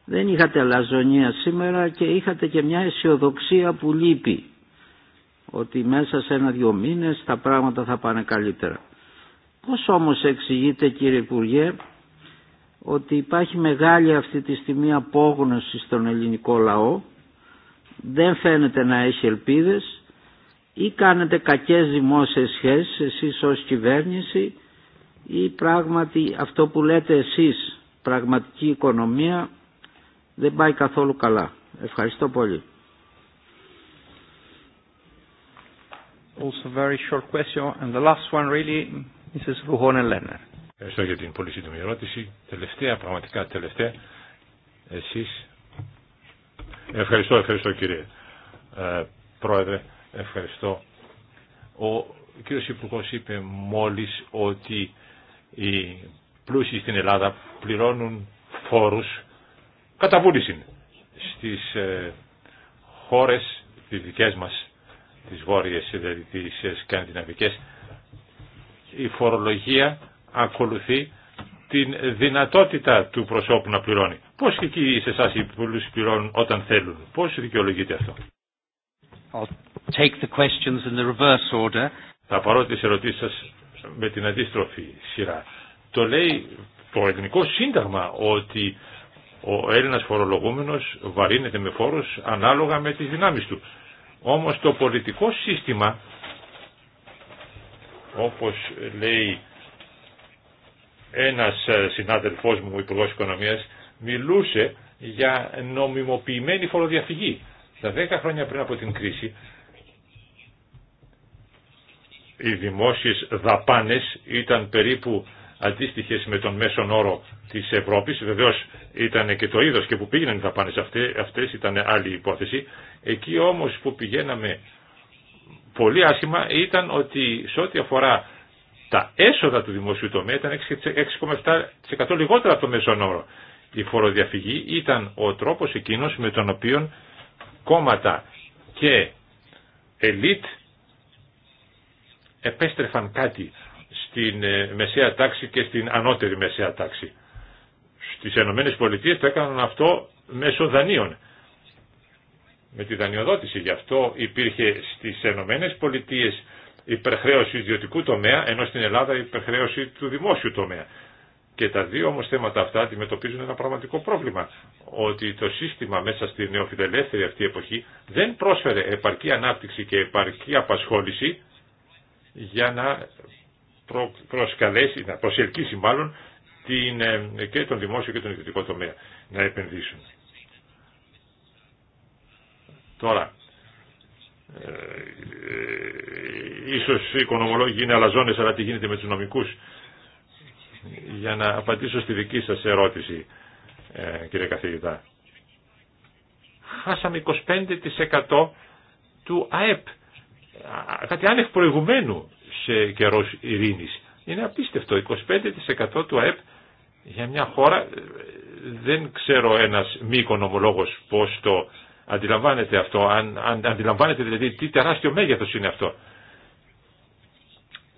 Δεν είχατε αλαζονία σήμερα και είχατε και μια αισιοδοξία που λείπει ότι μέσα σε ένα-δυο μήνες τα πράγματα θα πάνε καλύτερα. Πώς όμως εξηγείτε κύριε Υπουργέ ότι υπάρχει μεγάλη αυτή τη στιγμή απόγνωση στον ελληνικό λαό, δεν φαίνεται να έχει ελπίδες ή κάνετε κακές δημόσιες σχέσεις εσείς ως κυβέρνηση ή πράγματι αυτό που λέτε εσείς πραγματική οικονομία δεν πάει καθόλου καλά. Ευχαριστώ πολύ. Also very short question and the last one Ευχαριστώ για την πολύ σύντομη ερώτηση. Τελευταία, πραγματικά τελευταία. Εσείς. Ευχαριστώ, ευχαριστώ κύριε ε, Πρόεδρε. Ευχαριστώ. Ο κύριος Υπουργό είπε μόλις ότι οι πλούσιοι στην Ελλάδα πληρώνουν φόρους κατά βούληση στις ε, χώρες τις δικές μας, τις βόρειες, δηλαδή τις ε, σκανδιναβικές. Η φορολογία ακολουθεί την δυνατότητα του προσώπου να πληρώνει. Πώς και εκεί σε εσάς οι πολλούς πληρώνουν όταν θέλουν. Πώς δικαιολογείται αυτό. Θα πάρω τις ερωτήσεις σας με την αντίστροφη σειρά. Το λέει το ελληνικό σύνταγμα ότι ο Έλληνας φορολογούμενος βαρύνεται με φόρους ανάλογα με τις δυνάμεις του. Όμως το πολιτικό σύστημα, όπως λέει ένας ε, συνάδελφός μου, ο Υπουργός Οικονομίας, μιλούσε για νομιμοποιημένη φοροδιαφυγή. Τα 10 χρόνια πριν από την κρίση, οι δημόσιες δαπάνες ήταν περίπου αντίστοιχες με τον μέσο όρο της Ευρώπης. Βεβαίως ήταν και το είδος και που πήγαιναν οι δαπάνες αυτές, αυτές ήταν άλλη υπόθεση. Εκεί όμως που πηγαίναμε πολύ άσχημα ήταν ότι σε ό,τι αφορά τα έσοδα του δημοσίου τομέα ήταν 6,7% λιγότερα από το μέσον όρο. Η φοροδιαφυγή ήταν ο τρόπος εκείνος με τον οποίο κόμματα και ελίτ επέστρεφαν κάτι στην ε, μεσαία τάξη και στην ανώτερη μεσαία τάξη. Στις πολιτείες το έκαναν αυτό μέσω δανείων με τη δανειοδότηση. Γι' αυτό υπήρχε στις Ενωμένες Πολιτείες υπερχρέωση ιδιωτικού τομέα, ενώ στην Ελλάδα υπερχρέωση του δημόσιου τομέα. Και τα δύο όμως θέματα αυτά αντιμετωπίζουν ένα πραγματικό πρόβλημα. Ότι το σύστημα μέσα στη νεοφιλελεύθερη αυτή εποχή δεν πρόσφερε επαρκή ανάπτυξη και επαρκή απασχόληση για να προσκαλέσει, να προσελκύσει μάλλον την, ε, και τον δημόσιο και τον ιδιωτικό τομέα να επενδύσουν. Τώρα, ε, ε, ε, ίσως οι οικονομολόγοι είναι αλαζόνες αλλά τι γίνεται με τους νομικούς για να απαντήσω στη δική σας ερώτηση κύριε καθηγητά χάσαμε 25% του ΑΕΠ κάτι άνευ προηγουμένου σε καιρός ειρήνης είναι απίστευτο 25% του ΑΕΠ για μια χώρα δεν ξέρω ένας μη οικονομολόγος πώς το Αντιλαμβάνεται αυτό, αν, αν, αντιλαμβάνετε δηλαδή τι τεράστιο μέγεθος είναι αυτό.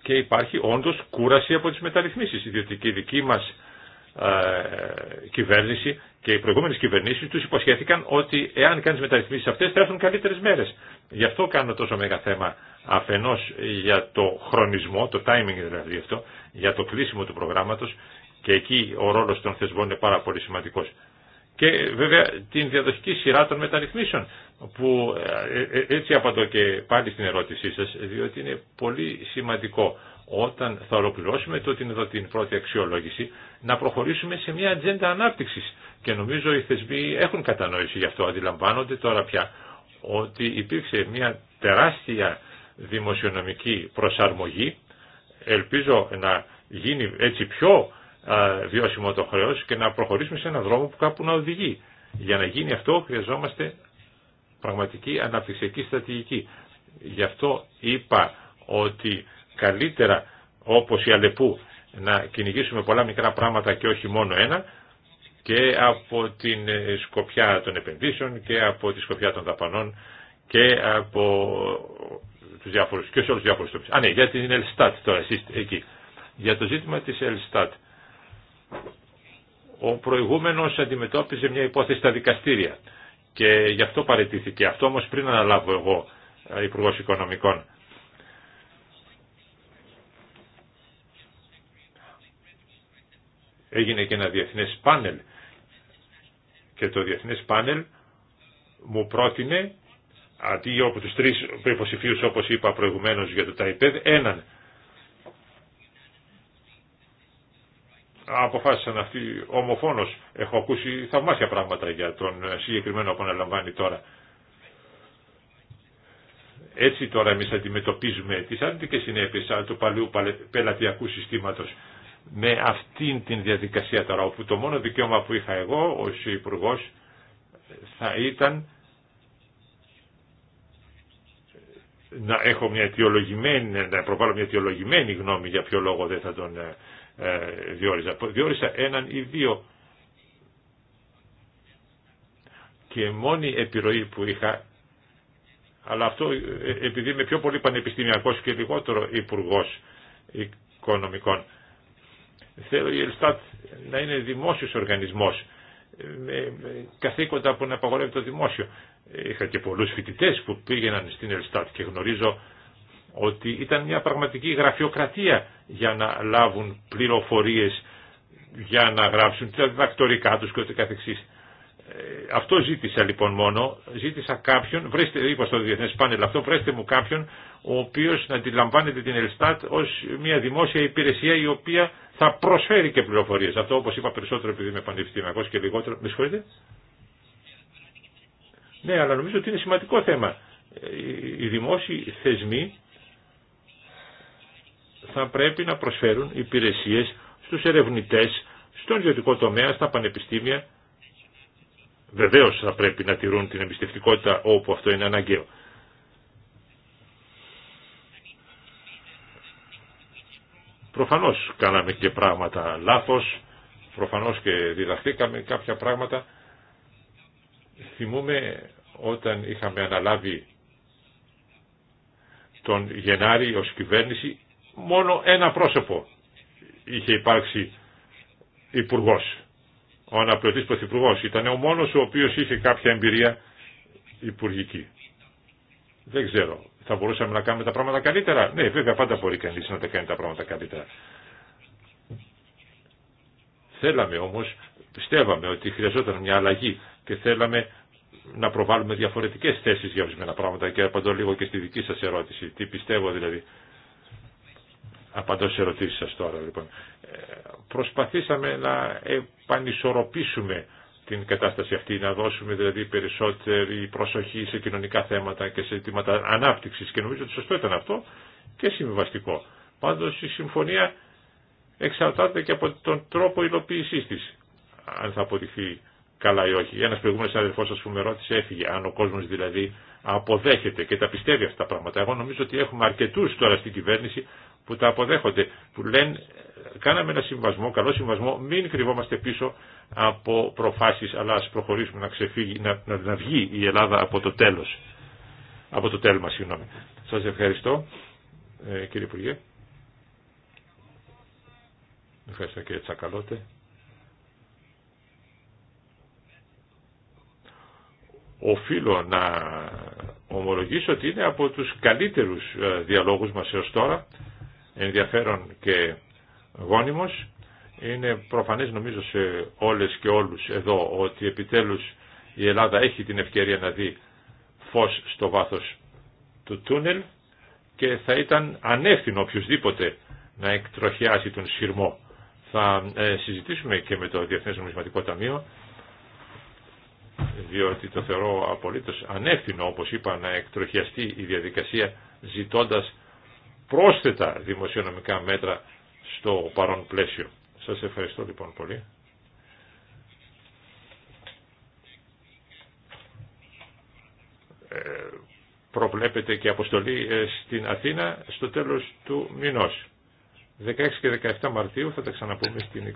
Και υπάρχει όντως κούραση από τις μεταρρυθμίσεις, διότι και η δική μας ε, κυβέρνηση και οι προηγούμενες κυβερνήσεις τους υποσχέθηκαν ότι εάν κάνεις μεταρρυθμίσεις αυτές θα έρθουν καλύτερες μέρες. Γι' αυτό κάνω τόσο μέγα θέμα αφενός για το χρονισμό, το timing δηλαδή αυτό, για το κλείσιμο του προγράμματος και εκεί ο ρόλος των θεσμών είναι πάρα πολύ σημαντικός και βέβαια την διαδοχική σειρά των μεταρρυθμίσεων που ε, ε, έτσι απαντώ και πάλι στην ερώτησή σας διότι είναι πολύ σημαντικό όταν θα ολοκληρώσουμε το την, εδώ την πρώτη αξιολόγηση να προχωρήσουμε σε μια ατζέντα ανάπτυξης και νομίζω οι θεσμοί έχουν κατανόηση γι' αυτό αντιλαμβάνονται τώρα πια ότι υπήρξε μια τεράστια δημοσιονομική προσαρμογή ελπίζω να γίνει έτσι πιο βιώσιμο το χρέο και να προχωρήσουμε σε έναν δρόμο που κάπου να οδηγεί. Για να γίνει αυτό χρειαζόμαστε πραγματική αναπτυξιακή στρατηγική. Γι' αυτό είπα ότι καλύτερα όπως η Αλεπού να κυνηγήσουμε πολλά μικρά πράγματα και όχι μόνο ένα και από την ε, σκοπιά των επενδύσεων και από τη σκοπιά των δαπανών και από τους διάφορους, και σε όλους τους διάφορους Α, ναι, για την Ελστάτ τώρα, εσείς εκεί. Για το ζήτημα της Ελστάτ. Ο προηγούμενος αντιμετώπιζε μια υπόθεση στα δικαστήρια και γι' αυτό παραιτήθηκε. Αυτό όμως πριν αναλάβω εγώ ε, υπουργό Οικονομικών. Έγινε και ένα διεθνές πάνελ και το διεθνές πάνελ μου πρότεινε αντί από τους τρεις υποψηφίου όπως είπα προηγουμένως για το ΤΑΙΠΕΔ έναν αποφάσισαν αυτοί ομοφόνος. Έχω ακούσει θαυμάσια πράγματα για τον συγκεκριμένο που αναλαμβάνει τώρα. Έτσι τώρα εμείς αντιμετωπίζουμε τις άντικες συνέπειες του παλιού πελατειακού συστήματος με αυτήν την διαδικασία τώρα, όπου το μόνο δικαίωμα που είχα εγώ ως υπουργό θα ήταν να έχω μια αιτιολογημένη, να προβάλλω μια αιτιολογημένη γνώμη για ποιο λόγο δεν θα τον ε, ε, διόριζα. Διόρισα έναν ή δύο και μόνη επιρροή που είχα, αλλά αυτό ε, επειδή είμαι πιο πολύ πανεπιστημιακός και λιγότερο υπουργό οικονομικών, θέλω η Ελστάτ να είναι δημόσιος οργανισμός, με καθήκοντα που να απαγορεύει το δημόσιο. Είχα και πολλούς φοιτητές που πήγαιναν στην Ελστάτ και γνωρίζω ότι ήταν μια πραγματική γραφειοκρατία για να λάβουν πληροφορίες για να γράψουν τα διδακτορικά τους και ό,τι καθεξής. Ε, αυτό ζήτησα λοιπόν μόνο, ζήτησα κάποιον, βρέστε, είπα στο Διεθνές Πάνελ αυτό, βρέστε μου κάποιον ο οποίος να αντιλαμβάνεται την Ελστάτ ως μια δημόσια υπηρεσία η οποία θα προσφέρει και πληροφορίες. Αυτό όπως είπα περισσότερο επειδή είμαι πανεπιστημιακός και λιγότερο, με συγχωρείτε. Ναι, αλλά νομίζω ότι είναι σημαντικό θέμα. Ε, οι δημόσιοι θεσμοί θα πρέπει να προσφέρουν υπηρεσίες στους ερευνητές, στον ιδιωτικό τομέα, στα πανεπιστήμια. Βεβαίως θα πρέπει να τηρούν την εμπιστευτικότητα όπου αυτό είναι αναγκαίο. Προφανώς κάναμε και πράγματα λάθος, προφανώς και διδαχθήκαμε κάποια πράγματα. Θυμούμε όταν είχαμε αναλάβει τον Γενάρη ως κυβέρνηση μόνο ένα πρόσωπο είχε υπάρξει υπουργό. Ο αναπληρωτής πρωθυπουργό ήταν ο μόνος ο οποίος είχε κάποια εμπειρία υπουργική. Δεν ξέρω. Θα μπορούσαμε να κάνουμε τα πράγματα καλύτερα. Ναι, βέβαια πάντα μπορεί κανείς να τα κάνει τα πράγματα καλύτερα. Θέλαμε όμως, πιστεύαμε ότι χρειαζόταν μια αλλαγή και θέλαμε να προβάλλουμε διαφορετικές θέσεις για ορισμένα πράγματα και απαντώ λίγο και στη δική σας ερώτηση. Τι πιστεύω δηλαδή Απαντώ σε ερωτήσεις σας τώρα λοιπόν. Ε, προσπαθήσαμε να επανισορροπήσουμε την κατάσταση αυτή, να δώσουμε δηλαδή περισσότερη προσοχή σε κοινωνικά θέματα και σε αιτήματα ανάπτυξης και νομίζω ότι σωστό ήταν αυτό και συμβιβαστικό. Πάντως η συμφωνία εξαρτάται και από τον τρόπο υλοποίησής της, αν θα αποδειχθεί καλά ή όχι. Ένας προηγούμενος αδερφός σας που με ρώτησε έφυγε, αν ο κόσμος δηλαδή αποδέχεται και τα πιστεύει αυτά τα πράγματα. Εγώ νομίζω ότι έχουμε αρκετούς τώρα στην κυβέρνηση που τα αποδέχονται, που λένε κάναμε ένα συμβασμό, καλό συμβασμό, μην κρυβόμαστε πίσω από προφάσεις, αλλά ας προχωρήσουμε να, ξεφύγει, να, να, να βγει η Ελλάδα από το τέλος. Από το τέλμα, συγγνώμη. Σας ευχαριστώ, ε, κύριε Υπουργέ. Ευχαριστώ κύριε Τσακαλώτε. Οφείλω να ομολογήσω ότι είναι από τους καλύτερους ε, διαλόγους μας έως τώρα ενδιαφέρον και γόνιμος. Είναι προφανές νομίζω σε όλες και όλους εδώ ότι επιτέλους η Ελλάδα έχει την ευκαιρία να δει φως στο βάθος του τούνελ και θα ήταν ανεύθυνο οποιοδήποτε να εκτροχιάσει τον σειρμό. Θα ε, συζητήσουμε και με το Διεθνές Νομισματικό Ταμείο διότι το θεωρώ απολύτως ανεύθυνο όπως είπα να εκτροχιαστεί η διαδικασία ζητώντας πρόσθετα δημοσιονομικά μέτρα στο παρόν πλαίσιο. Σας ευχαριστώ λοιπόν πολύ. Ε, Προβλέπετε και αποστολή ε, στην Αθήνα στο τέλος του μηνός. 16 και 17 Μαρτίου θα τα ξαναπούμε στην